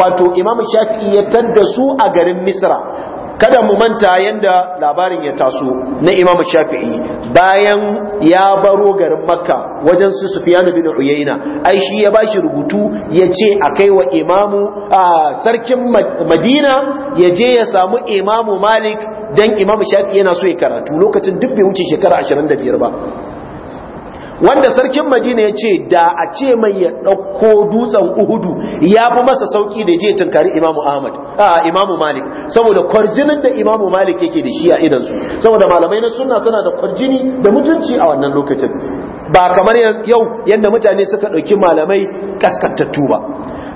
wato Imamu Shafi'i ya tadda su a garin Misra kada mu manta yanda labarin ya taso na imamu Shafi'i bayan ya baro garin Makka wajen su Sufyan bin Uyayna ai shi ya bashi rubutu ya ce a kai wa imamu a sarkin Madina ya je ya samu imamu Malik dan imam shafi yana so ya karatu lokacin duk bai wuce shekara 25 ba wanda sarkin madina ya ce da a ce mai ya ɗauko dutsen uhudu ya fi masa sauƙi da je tunkari imamu ahmad a imamu malik saboda kwarjinin da imamu malik yake da shi a idansu saboda malamai na suna suna da kwarjini da mutunci a wannan lokacin ba kamar yau yadda mutane suka ɗauki malamai kaskantattu ba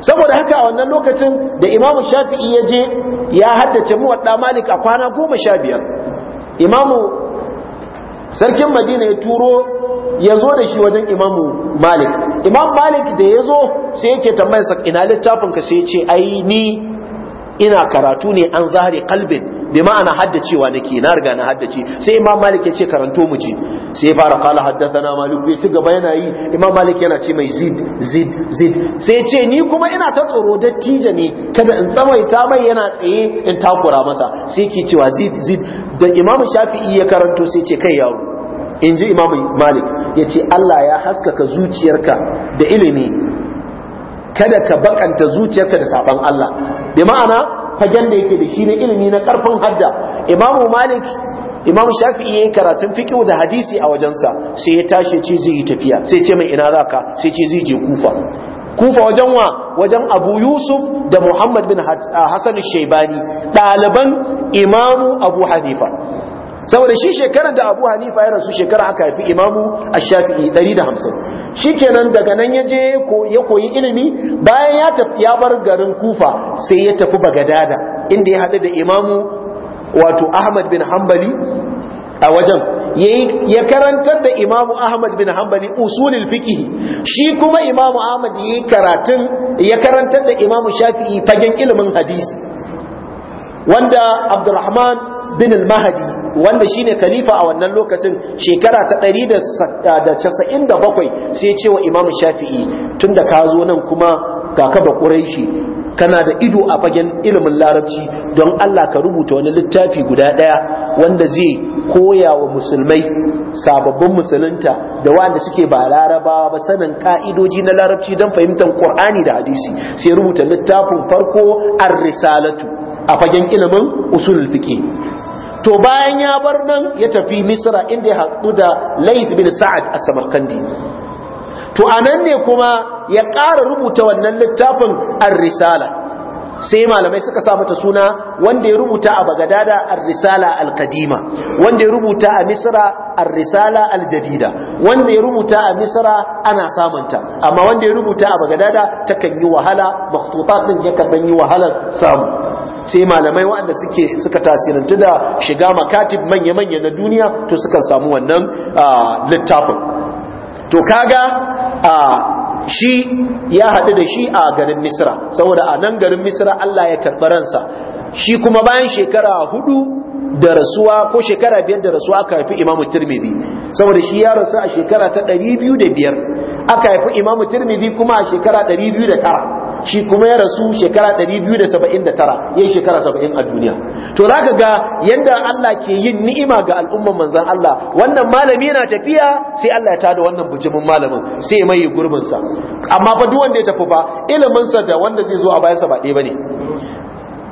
saboda haka a wannan lokacin da imamu shafi'i ya je ya haddace muwadda malik a kwana goma sha biyar imamu sarkin madina ya turo ya zo da shi wajen imamu malik imam malik da ya zo sai yake sa ina littafin ka sai ce ai ni ina karatu ne an zare kalbin bi ma'ana haddacewa nake na riga na haddace sai imam malik ya ce karanto mu je, sai fara qala haddathana malik ya ci gaba yana yi imam malik yana ce mai zid zid zid sai ya ce ni kuma ina ta tsoro dattija ne kada in tsamaita mai yana tsaye in takura masa sai ke cewa zid zid da imam shafi'i ya karanto sai ce kai yawo in ji imam malik ya ce Allah ya haskaka zuciyarka da ilimi kada ka bakanta zuciyarka da saban Allah bi ma'ana fagen da yake da shi na ilimi na karfin hadda imamu malik imamu shafi'i yayin karatun fiqh da hadisi a wajensa sai ya tashi ce zai yi tafiya sai ce mai ina ka? sai ce zai je kufa kufa wajen wa wajen abu yusuf da muhammad bin hasan shaibani ɗaliban imamu abu hanifa saboda shi shekarar da abu hanifa ya rasu shekara aka haifi imamu a shafi'i 150 shi kenan daga nan ya je ya koyi ilimi bayan ya tafi ya bar garin kufa sai ya tafi bagadada inda ya haɗu da imamu wato ahmad bin hanbali a wajen ya karantar da imamu ahmad bin hanbali usulul fiqh shi kuma imamu ahmad yayi karatun ya karantar da imamu shafi'i fagen ilimin hadisi wanda abdurrahman bin al-mahdi wanda shine khalifa a wannan lokacin shekara ta 197 sai ya ce wa imam shafi'i tunda ka zo nan kuma ga ka ba quraishi kana da ido a fagen ilimin larabci don Allah ka rubuta wani littafi guda ɗaya wanda zai koya wa musulmai sababbin musulunta da wanda suke ba laraba ba sanin ka'idoji na larabci don fahimtar Qur'ani da hadisi sai rubuta littafin farko ar-risalatu a fagen ilimin usulul fiqh to bayan ya bar nan ya tafi misra inda ya haɗu da laif bin sa'ad a samarkandi to a nan ne kuma ya ƙara rubuta wannan littafin ar-risala sai malamai suka sa mata suna wanda ya rubuta a bagadada ar-risala al-qadima wanda ya rubuta a misra ar-risala al-jadida wanda ya rubuta a misra ana samunta amma wanda ya rubuta a bagadada takan yi wahala maktutat din yakan yi wahalar samu sai malamai waɗanda suke suka tasirantu da shiga makatib manya-manya na duniya to suka samu wannan littafin to kaga shi ya haɗu da shi a garin misra saboda a nan garin misra Allah ya karɓi ransa shi kuma bayan shekara hudu da rasuwa ko shekara biyar da rasuwa aka haifi imamu tirmidhi saboda shi ya rasu a shekara ta ɗari da biyar aka haifi imamu tirmidhi kuma a shekara ɗari da tara shi kuma ya rasu shekara 279 yayin shekara 70 a duniya to zaka ga yanda Allah ke yin ni'ima ga al'umman manzon Allah wannan malami yana tafiya sai Allah ya tada wannan bujimin malamin sai mai gurbin sa amma fa duk wanda ya tafi fa ilimin sa da wanda zai zo a bayansa ba ɗaya bane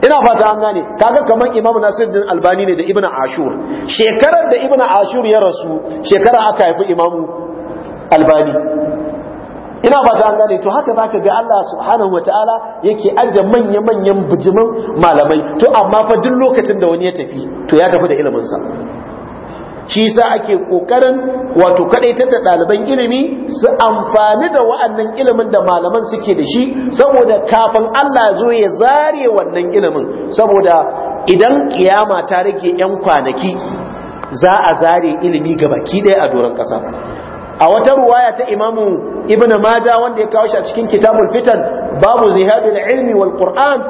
ina fata an gane kaga kamar imamu nasiruddin albani ne da Ibn ashur shekarar da ibnu ashur ya rasu shekara aka haifi imamu albani ina ba ta gane to haka zaka ga Allah subhanahu wataala yake aje manya manyan bijimin malamai to amma fa duk lokacin da wani ya tafi to ya tafi da ilimin sa shi yasa ake kokarin wato kadaitar da ɗaliban ilimi su amfani da wa'annan ilimin da malaman suke da shi saboda kafin Allah zo ya zare wannan ilimin saboda idan kiyama ta rage yan kwanaki za a zare ilimi ga baki ɗaya a doron ƙasa a wata ruwaya ta imamu ibn maja wanda ya kawo shi a cikin kitabul fitan babu zihadul ilmi wal qur'an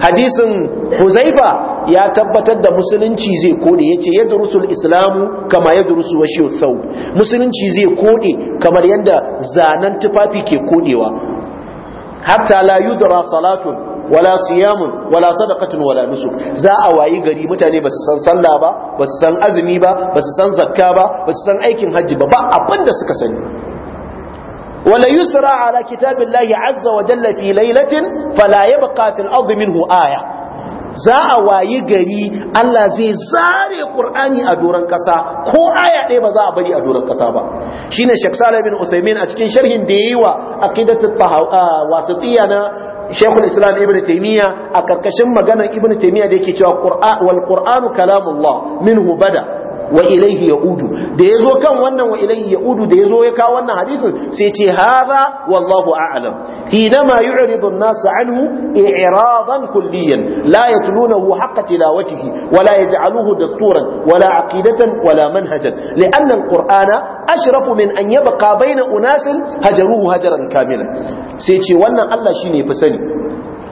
hadisin huzaifa ya tabbatar da musulunci zai kode yace yadrusul islamu kama yadrusu washu thawb musulunci zai kode kamar yadda zanen tufafi ke kodewa hatta la yudra salatun wala siyamun wala sadaqatun wala nusuk za a wayi gari mutane ba su san sallah ba ba su san azumi ba ba su san zakka ba ba su san aikin hajji ba ba abin da suka sani wala yusra ala kitabillahi azza wa jalla fi lailatin fala yabqa fil ardi minhu aya za a wayi gari Allah zai zare Qur'ani a doron kasa ko aya ɗaya ba za a bari a doron kasa ba shine Sheikh Salih bin Uthaymeen a cikin sharhin da yayi wa aqidatut tahawwa ah, wasatiyya na shekul islam ibn taimiyya a karkashin maganar ibn taimiyya da yake cewa wal kalamun kalamullah minhu bada wa ilaihi yaudu da yazo kan wannan wa ilaihi yaudu da yazo ya kawo wannan hadisin sai ce hadha wallahu a'lam hinama yu'ridu an-nas anhu i'radan kulliyan la yatlunahu haqqa tilawatihi wa la yaj'aluhu dasturan wa la aqidatan wa la manhajan li'anna al-qur'ana ashrafu min an yabqa bayna unasin hajaruhu hajaran kamilan sai ce wannan Allah shine fa sani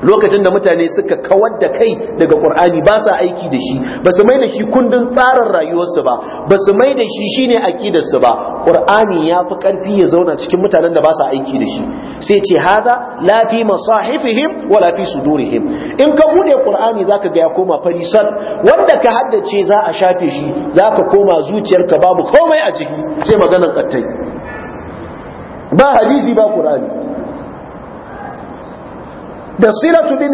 lokacin da mutane suka kawar da kai daga ƙur'ani ba sa aiki da shi ba su mai da shi kundin tsarin rayuwarsu ba ba su mai da shi shine akidarsu ba ƙur'ani ya fi ƙarfi ya zauna cikin mutanen da ba sa aiki da shi sai ce haza la fi masahifihim wala fi sudurihim in ka bude ƙur'ani zaka ga ya koma fari farisal wanda ka haddace za a shafe shi zaka koma zuciyarka babu komai a ciki sai maganar kattai ba hadisi ba ƙur'ani. da silatu bin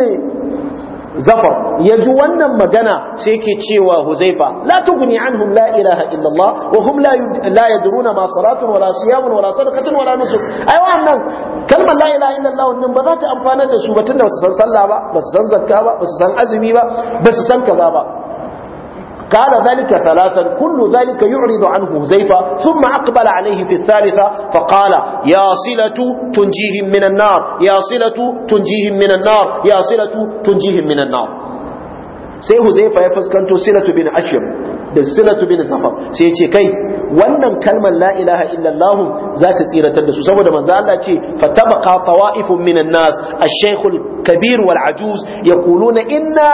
zafar ya ji wannan magana sai ke cewa huzaifa la tuguni anhum la ilaha illallah wa hum la yadruna ma salatun wala siyamun wala sadaqatun wala nusuk ai wannan kalmar la ilaha illallah wannan ba za ta amfana da su ba tunda ba su san sallah ba ba su san zakka ba ba su san azumi ba ba su san kaza ba قال ذلك ثلاثا كل ذلك يعرض عنه زيفا ثم أقبل عليه في الثالثة فقال يا صلة تنجيهم من النار يا صلة تنجيهم من النار يا صلة تنجيهم من النار sai huzaifa ya fuskanto silatu bin ashir da silatu bin safar sai ce kai wannan kalmar la ilaha illallah za ta tsiratar da su saboda manzo Allah ce fatabaqa tawaifun minan nas ash-shaykh al-kabir wal ajuz yaquluna inna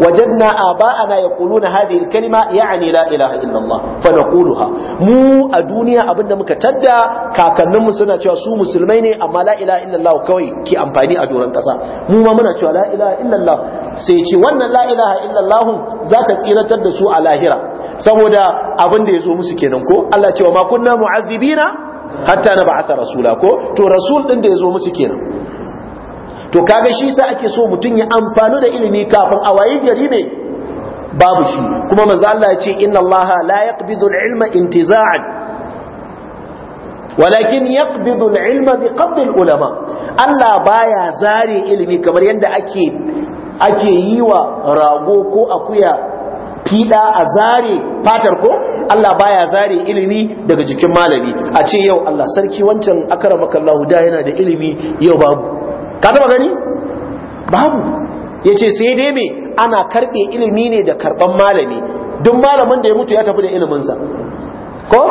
Wajen na'a wajadna ya kulu na al-kalima ya'ni la ilaha illa Allah fa naquluha mu a duniya abinda muka tadda kakannin mu suna cewa su musulmai ne amma la ilaha kawai ki amfani a doron kasa mu ma muna cewa la ilaha sai ce wannan la'ilaha illallahu illa Allah za ta tsiratar da su a lahira saboda abun da yazo musu kenan ko Allah cewa ma kunna na? hatta na ba'atha rasula ko to rasul ɗin da ya zo musu kenan to kaga shi sa ake so mutum ya amfani da ilimi kafin a wayi gari ne babu shi kuma manzo Allah ya ce inna Allah la yaqbidu al-ilma intiza'an walakin yaqbidu al-ilma bi al-ulama Allah baya zare ilimi kamar yadda ake ake yi wa rago ko akuya fiɗa a zare fatar ko Allah baya zare ilimi daga jikin malami a ce yau Allah sarki wancan akara makallahu da yana da ilimi yau babu ka taɓa gani babu ya ce sai dai me ana karɓe ilimi ne da karɓan malami duk malamin da ya mutu ya tafi da iliminsa ko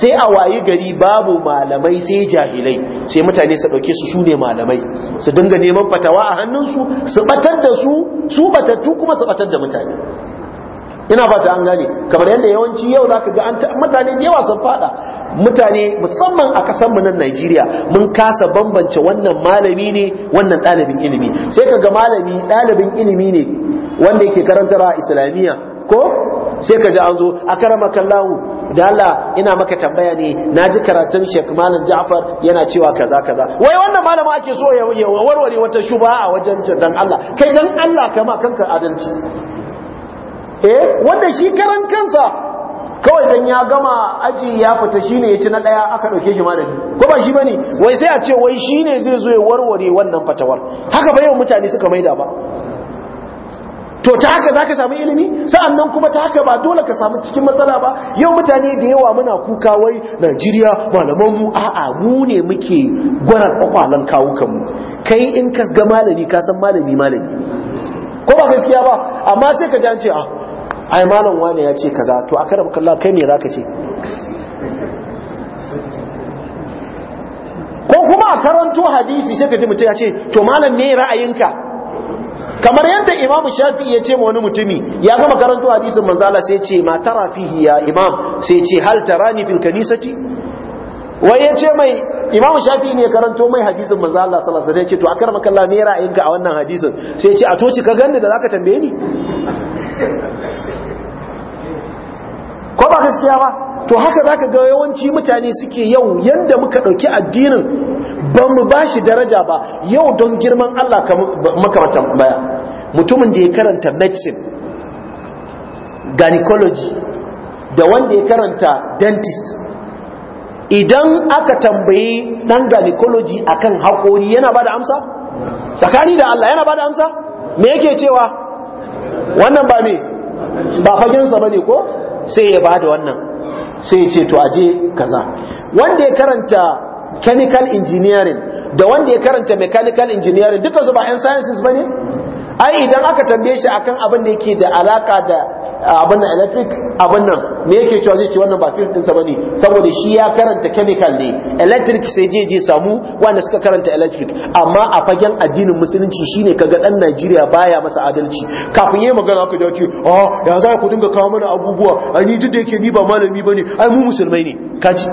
sai a wayi gari babu malamai sai jahilai sai mutane su ɗauke su sune malamai su dinga neman fatawa a hannunsu su batar da su su batattu kuma su ɓatar da mutane ina fata an gane kamar yadda yawanci yau ka ga an mutane da yawa sun fada mutane musamman a kasar mu nan Najeriya mun kasa bambance wannan malami ne wannan ɗalibin ilimi sai kaga malami ɗalibin ilimi ne wanda yake ra islamiyya ko sai ka ji an zo a karama kallahu da Allah ina maka tambaya ne na ji karatun Sheikh Malam Ja'far yana cewa kaza kaza wai wannan malama ake so ya warware wata shubha a wajen dan Allah kai dan Allah kama kanka adalci eh wanda shi karan kansa kawai dan ya gama aji ya fita shine ya ci na daya aka dauke shi malami ko ba shi bane wai sai a ce wai shine zai zo ya warware wannan fatawar haka ba yau mutane suka maida ba to ta haka zaka samu ilimi sa'annan kuma ta haka ba dole ka samu cikin matsala ba yau mutane da yawa muna kuka wai najeriya malaman mu? a'a mu ne muke gwarar kwakwalan kawukanmu kai in ka ga malami ka san malami malami ko ba gaskiya ba amma sai ka ji an ce a ah, ai malam wane ya ce kaza to a karam kalla kai me ka ce ko kuma a karanto hadisi sai ka ce mutum ya ce to malam me ra'ayinka kamar yadda imamu Shafi ya ce ma wani mutumi ya gama karanto hadisin Manzala sai ce ma tara fihi ya imam sai ce hal tarani fil kanisati wai ya ce mai imamu Shafi ne karanto mai hadisin Manzala Allah sallallahu alaihi wasallam ya ce to a karam kalla me ra'ayinka a wannan hadisin sai ya ce a toci ka ganni da zaka tambaye ni ko ba gaskiya ba to haka za ka ga yawanci mutane suke yau yadda muka ɗauki addinin ba mu ba shi daraja ba yau don girman Allah makamata baya mutumin da ya karanta medicine gynecology da wanda ya karanta dentist idan aka tambayi dan gynecology akan hakori yana bada amsa tsakani da Allah yana bada amsa me yake cewa wannan ba me ba ba bane ko sai ya bada wannan sai ya ce to aje kaza wanda ya karanta chemical engineering da wanda ya karanta mechanical engineering duka su ba 'yan sciences bane ai idan aka tambaye shi akan abin da yake da alaka da uh, abin nan electric abin nan me yake cewa zai ce wannan ba field ɗinsa bane saboda shi ya karanta chemical ne electric sai je je samu wanda suka karanta electric amma a fagen addinin musulunci shine kaga dan Najeriya baya masa adalci kafin yayi magana ka dace oh ah, ya za ku dinga kawo mana abubuwa ai ni duk da yake ni ba malami bane ai mu musulmai ne kaji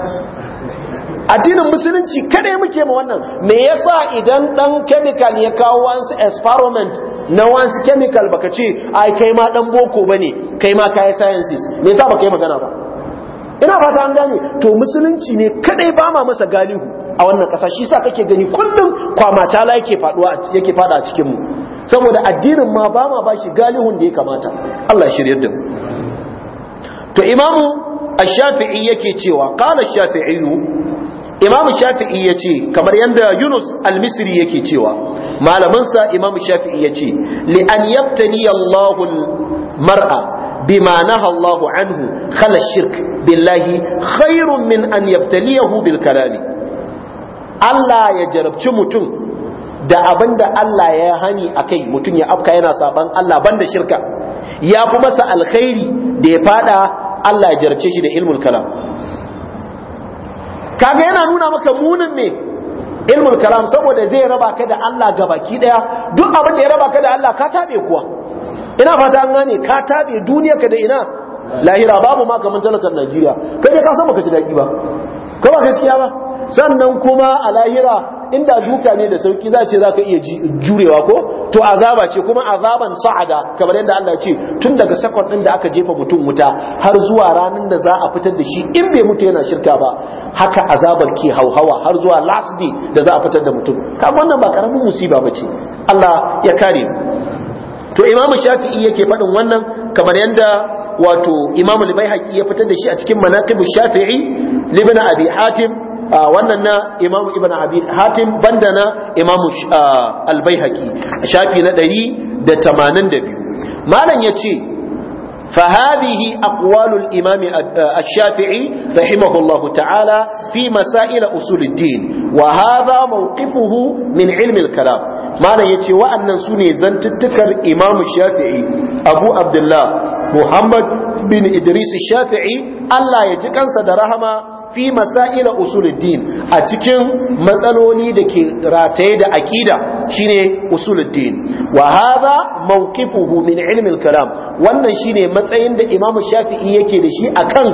addinin musulunci kada muke ma wannan me yasa idan dan chemical ya kawo wasu experiment na wasu chemical baka ce ai kai ma dan boko bane kai ma kai sciences me yasa baka yi magana ba ina fata an gane to musulunci ne kadai ba ma masa galihu a wannan kasa shi sa kake gani kullum kwama la yake faduwa yake fada a cikin mu saboda addinin ma ba ma bashi galihun da ya kamata Allah ya shiryar da mu to imamu a shafii yake cewa qala ash-shafi'i imam shafi'i ya ce kamar yadda yunus al-misri yake cewa malaminsa imam shafi'i ya ce li'an yabtani allahu mar'a bima naha allahu anhu khala shirk billahi khairun min an yabtaliyahu bil kalami Allah ya jarabci mutum da abinda Allah ya hani a kai mutum ya afka yana saban Allah banda shirka ya fi masa alkhairi da ya fada Allah ya jarabce shi da ilmul kalam kaga yana nuna maka munin ne ilmul kalam saboda zai raba ka da Allah baki daya duk abin da ya raba ka da Allah ka tabe kuwa ina fata an gane ka tabe duniya ka da ina lahira babu ma kaman talakan Najeriya kai ka san baka ci daɗi ba ko ba gaskiya ba sannan kuma a lahira inda duka ne da sauki za ce za iya jurewa ko to azaba ce kuma azaban sa'ada kamar yadda Allah ce tun daga sakon din da aka jefa mutum wuta har zuwa ranar da za a fitar da shi in bai mutu yana shirka ba haka azabar ke hauhawa har zuwa last day da za a fitar da mutum kaga wannan ba karamin musiba bace Allah ya kare to imamu shafi'i yake faɗin wannan kamar yadda wato imamu al-baihaqi ya fitar da shi a cikin manaqib shafi'i libna abi hatim wannan na imamu ibn abi hatim banda na imamu al-baihaqi shafi na 182 malan yace fa hadhihi aqwalu al-imam ash-shafi'i rahimahu allah ta'ala fi masa'ila usul din wa hadha mawqifuhu min ilm al-kalam malan yace wa'annan sune zantuttukar imam ash-shafi'i abu abdullah Muhammad bin Idris Shafi'i Allah ya ji kansa da rahama fi masaila usuluddin a cikin matsaloli da ke rataye da aƙida shine usuluddin wa hadha mawqifuhu min ilmi al-kalam wannan shine matsayin da Imam Shafi'i yake da shi akan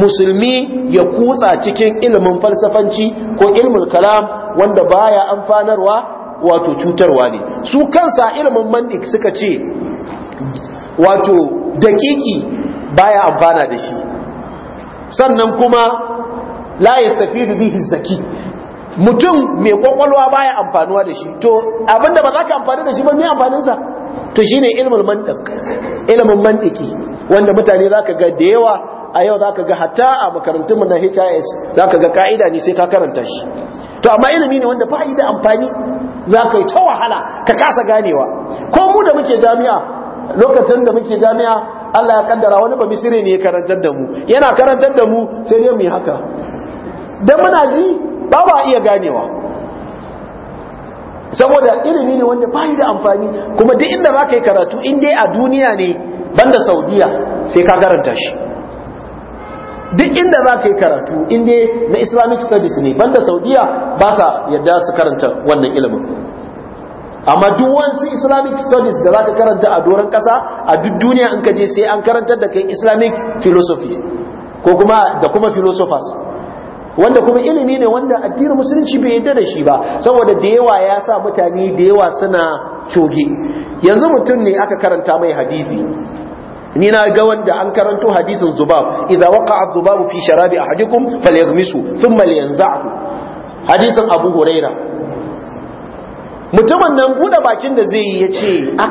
musulmi ya kutsa cikin ilimin falsafanci ko ilmul kalam wanda baya amfanarwa wato cutarwa ne su kansa ilimin mantik suka ce wato daƙiƙi baya amfana da shi sannan kuma la yastafidu bihi zaki mutum mai kwakwalwa baya amfanuwa da shi to abinda ba za ka amfani da shi ba mai amfaninsa to shine ilmul mantiq ilmin mantiki wanda mutane za ka ga da yawa a yau za ka ga hatta a makarantun mu na HIS za ka ga ka'ida ne sai ka karanta shi to amma ilimi ne wanda fa'ida da amfani za ka yi ta wahala ka kasa ganewa ko mu da muke jami'a lokacin da muke jami'a Allah ya kaddara wani ba misire ne ya karantar da mu yana karantar da mu sai dai mu yi haka dan muna ji ba ba iya ganewa saboda ilimi ne wanda ba da amfani kuma duk inda zaka yi karatu in dai a duniya ne banda Saudiya sai ka karanta shi duk inda zaka yi karatu in dai na Islamic studies ne banda Saudiya ba sa yadda su karanta wannan ilimin amma duk wasu islamic studies da zaka karanta a doron kasa a duk duniya in kaje sai an karantar da kai islamic philosophy ko kuma da kuma philosophers wanda kuma ilimi ne wanda addinin musulunci bai yarda da shi ba saboda da yawa ya sa mutane da yawa suna coge yanzu mutum ne aka karanta mai hadisi ni na ga wanda an karanto hadisin zubab idza waqa'a zubabu fi sharabi ahadikum falyaghmisu thumma liyanza'hu hadisin abu huraira mutumin nan bude bakin da zai yi ya ce a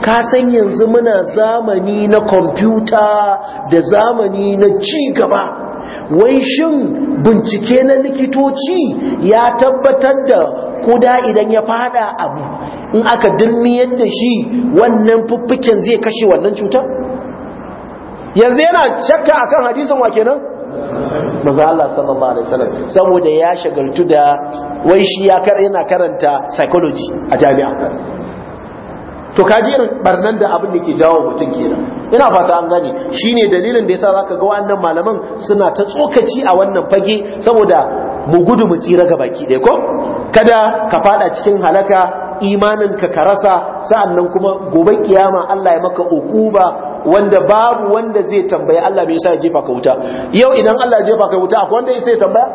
ka san yanzu muna zamani na kwamfuta da zamani na cigaba. wai shin bincike na likitoci ya tabbatar da kuda idan ya fada abu in aka dirmiyar da shi wannan fuffuken zai kashe wannan cutar yanzu yana shakka akan hadisan wa kenan manzo Allah sallallahu alaihi wasallam saboda ya shagaltu da wai shi ya kar yana karanta psychology a jami'a to kaji irin barnan da abin da ke jawo mutum kenan ina fata an gane shine dalilin da yasa zaka ga wannan malaman suna ta tsokaci a wannan fage saboda mu gudu mu tsira ga baki ɗaya ko kada ka fada cikin halaka imanin ka karasa sa'annan kuma gobe kiyama Allah ya maka ukuba wanda babu wanda zai tambaya Allah bai sa ya jefa ka wuta yau idan Allah ya jefa ka wuta akwai wanda zai tambaya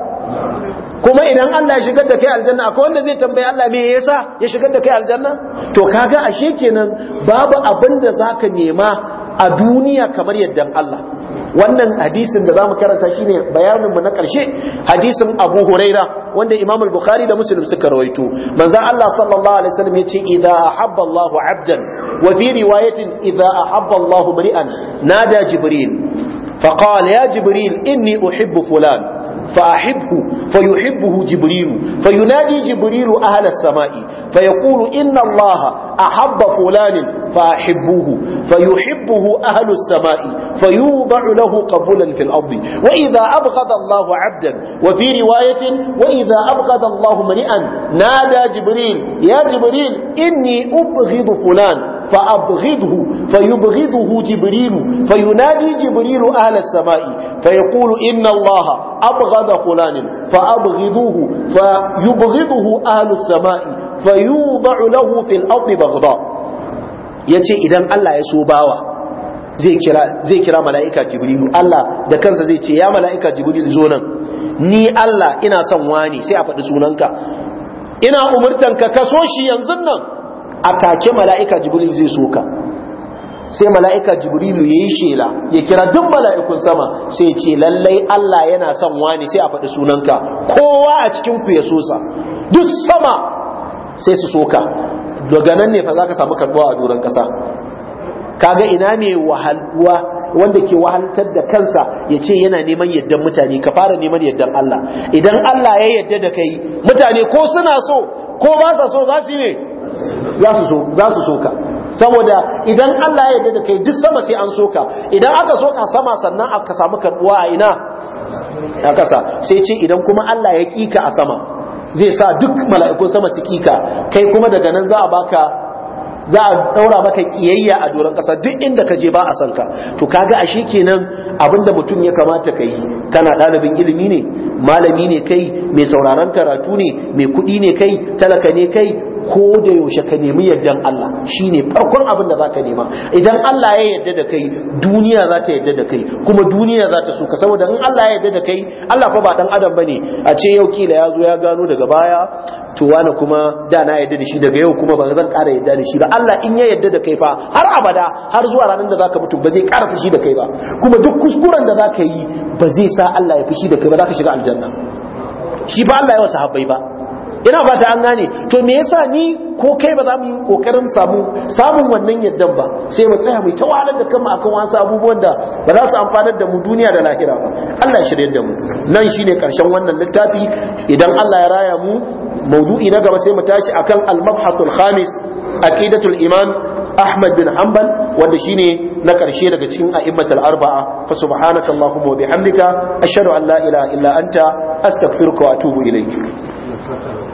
kuma idan Allah ya shigar da kai aljanna akwai wanda zai tambaya Allah me yasa ya shigar da kai aljanna to kaga ashe kenan babu abin da zaka nema a duniya kamar yaddan Allah wannan hadisin da zamu karanta shine bayanin mu na karshe hadisin Abu Huraira wanda Imam al-Bukhari da Muslim suka rawaito manzon Allah sallallahu alaihi wasallam yace idza ahabba Allah 'abdan wa fi riwayatin idza ahabba Allah mar'an nada Jibril فقال ya جبريل inni أحب Fulan. فأحبه فيحبه جبريل فينادي جبريل أهل السماء فيقول إن الله أحب فلان فأحبوه فيحبه أهل السماء فيوضع له قبولا في الأرض وإذا أبغض الله عبدا وفي رواية وإذا أبغض الله منئا نادى جبريل يا جبريل إني أبغض فلان فأبغضه فيبغضه جبريل فينادي جبريل أهل السماء فيقول إن الله أبغض فلان فأبغضوه فيبغضه أهل السماء فيوضع له في الأرض بغضاء يتي إذا الله يسوباوه zai kira mala'ika jibrilu Allah da kansa zai ce ya mala'ika jibrilu zo nan ni Allah ina son wani sai a faɗi sunanka ina umurtanka ka so shi yanzu nan a take mala'ika jibril zai soka sai mala'ika jibrilu ya yi shela ya kira duk mala'ikun sama sai ce lallai Allah yana son wani sai a faɗi sunanka kowa a cikin ku ya sosa duk sama sai su soka daga nan ne fa za ka samu karbuwa a doron ƙasa kaga ina ne wahalwa wanda ke wahaltar da kansa ya ce yana neman yaddan mutane ka fara neman yaddan Allah idan Allah ya yadda da kai mutane ko suna so ko ba sa so za su yi ne za su soka saboda idan Allah ya yarda kai duk sama sai an soka idan aka soka sama sannan aka samu karbuwa a ina a kasa sai ce idan kuma Allah ya kika a sama zai sa duk mala'ikun sama su kika kai kuma daga nan za a baka za a daura maka kiyayya a doron kasa duk inda ka je ba a san ka to kaga ashe kenan abinda mutum ya kamata ka yi kana ɗalibin ilimi ne malami ne kai mai sauraron karatu ne mai kuɗi ne kai talaka ne kai ko da yaushe ka nemi yardan Allah shine farkon abin da zaka nema idan Allah ya yarda da kai duniya za ta yarda da kai kuma duniya za ta so ka saboda in Allah ya yarda da kai Allah fa ba dan adam bane a ce yau kila ya zo ya gano daga baya to wani kuma da na yarda da shi daga yau kuma ba zan ƙara yarda da shi ba Allah in ya yarda da kai fa har abada har zuwa ranar da zaka mutu ba zai ƙara fushi da kai ba kuma duk kuskuren da zaka yi ba zai sa Allah ya fushi da kai ba zaka shiga aljanna shi ba Allah ya wa habbai ba ina fata an gane to me yasa ni ko kai ba za mu yi kokarin samu samun wannan yaddan ba sai mu tsaya mu ta wahalar da kanmu akan wasu abubuwan da ba za su amfanar da mu duniya da lahira ba Allah ya shirye da mu nan shine karshen wannan littafi idan Allah ya raya mu maudu'i na gaba sai mu tashi akan al-mabhatul khamis aqidatul iman Ahmad bin Hanbal wanda shine na karshe daga cikin a'immatul arba'a fa subhanaka allahumma wa bihamdika ashhadu an la ilaha illa anta astaghfiruka wa atubu ilayk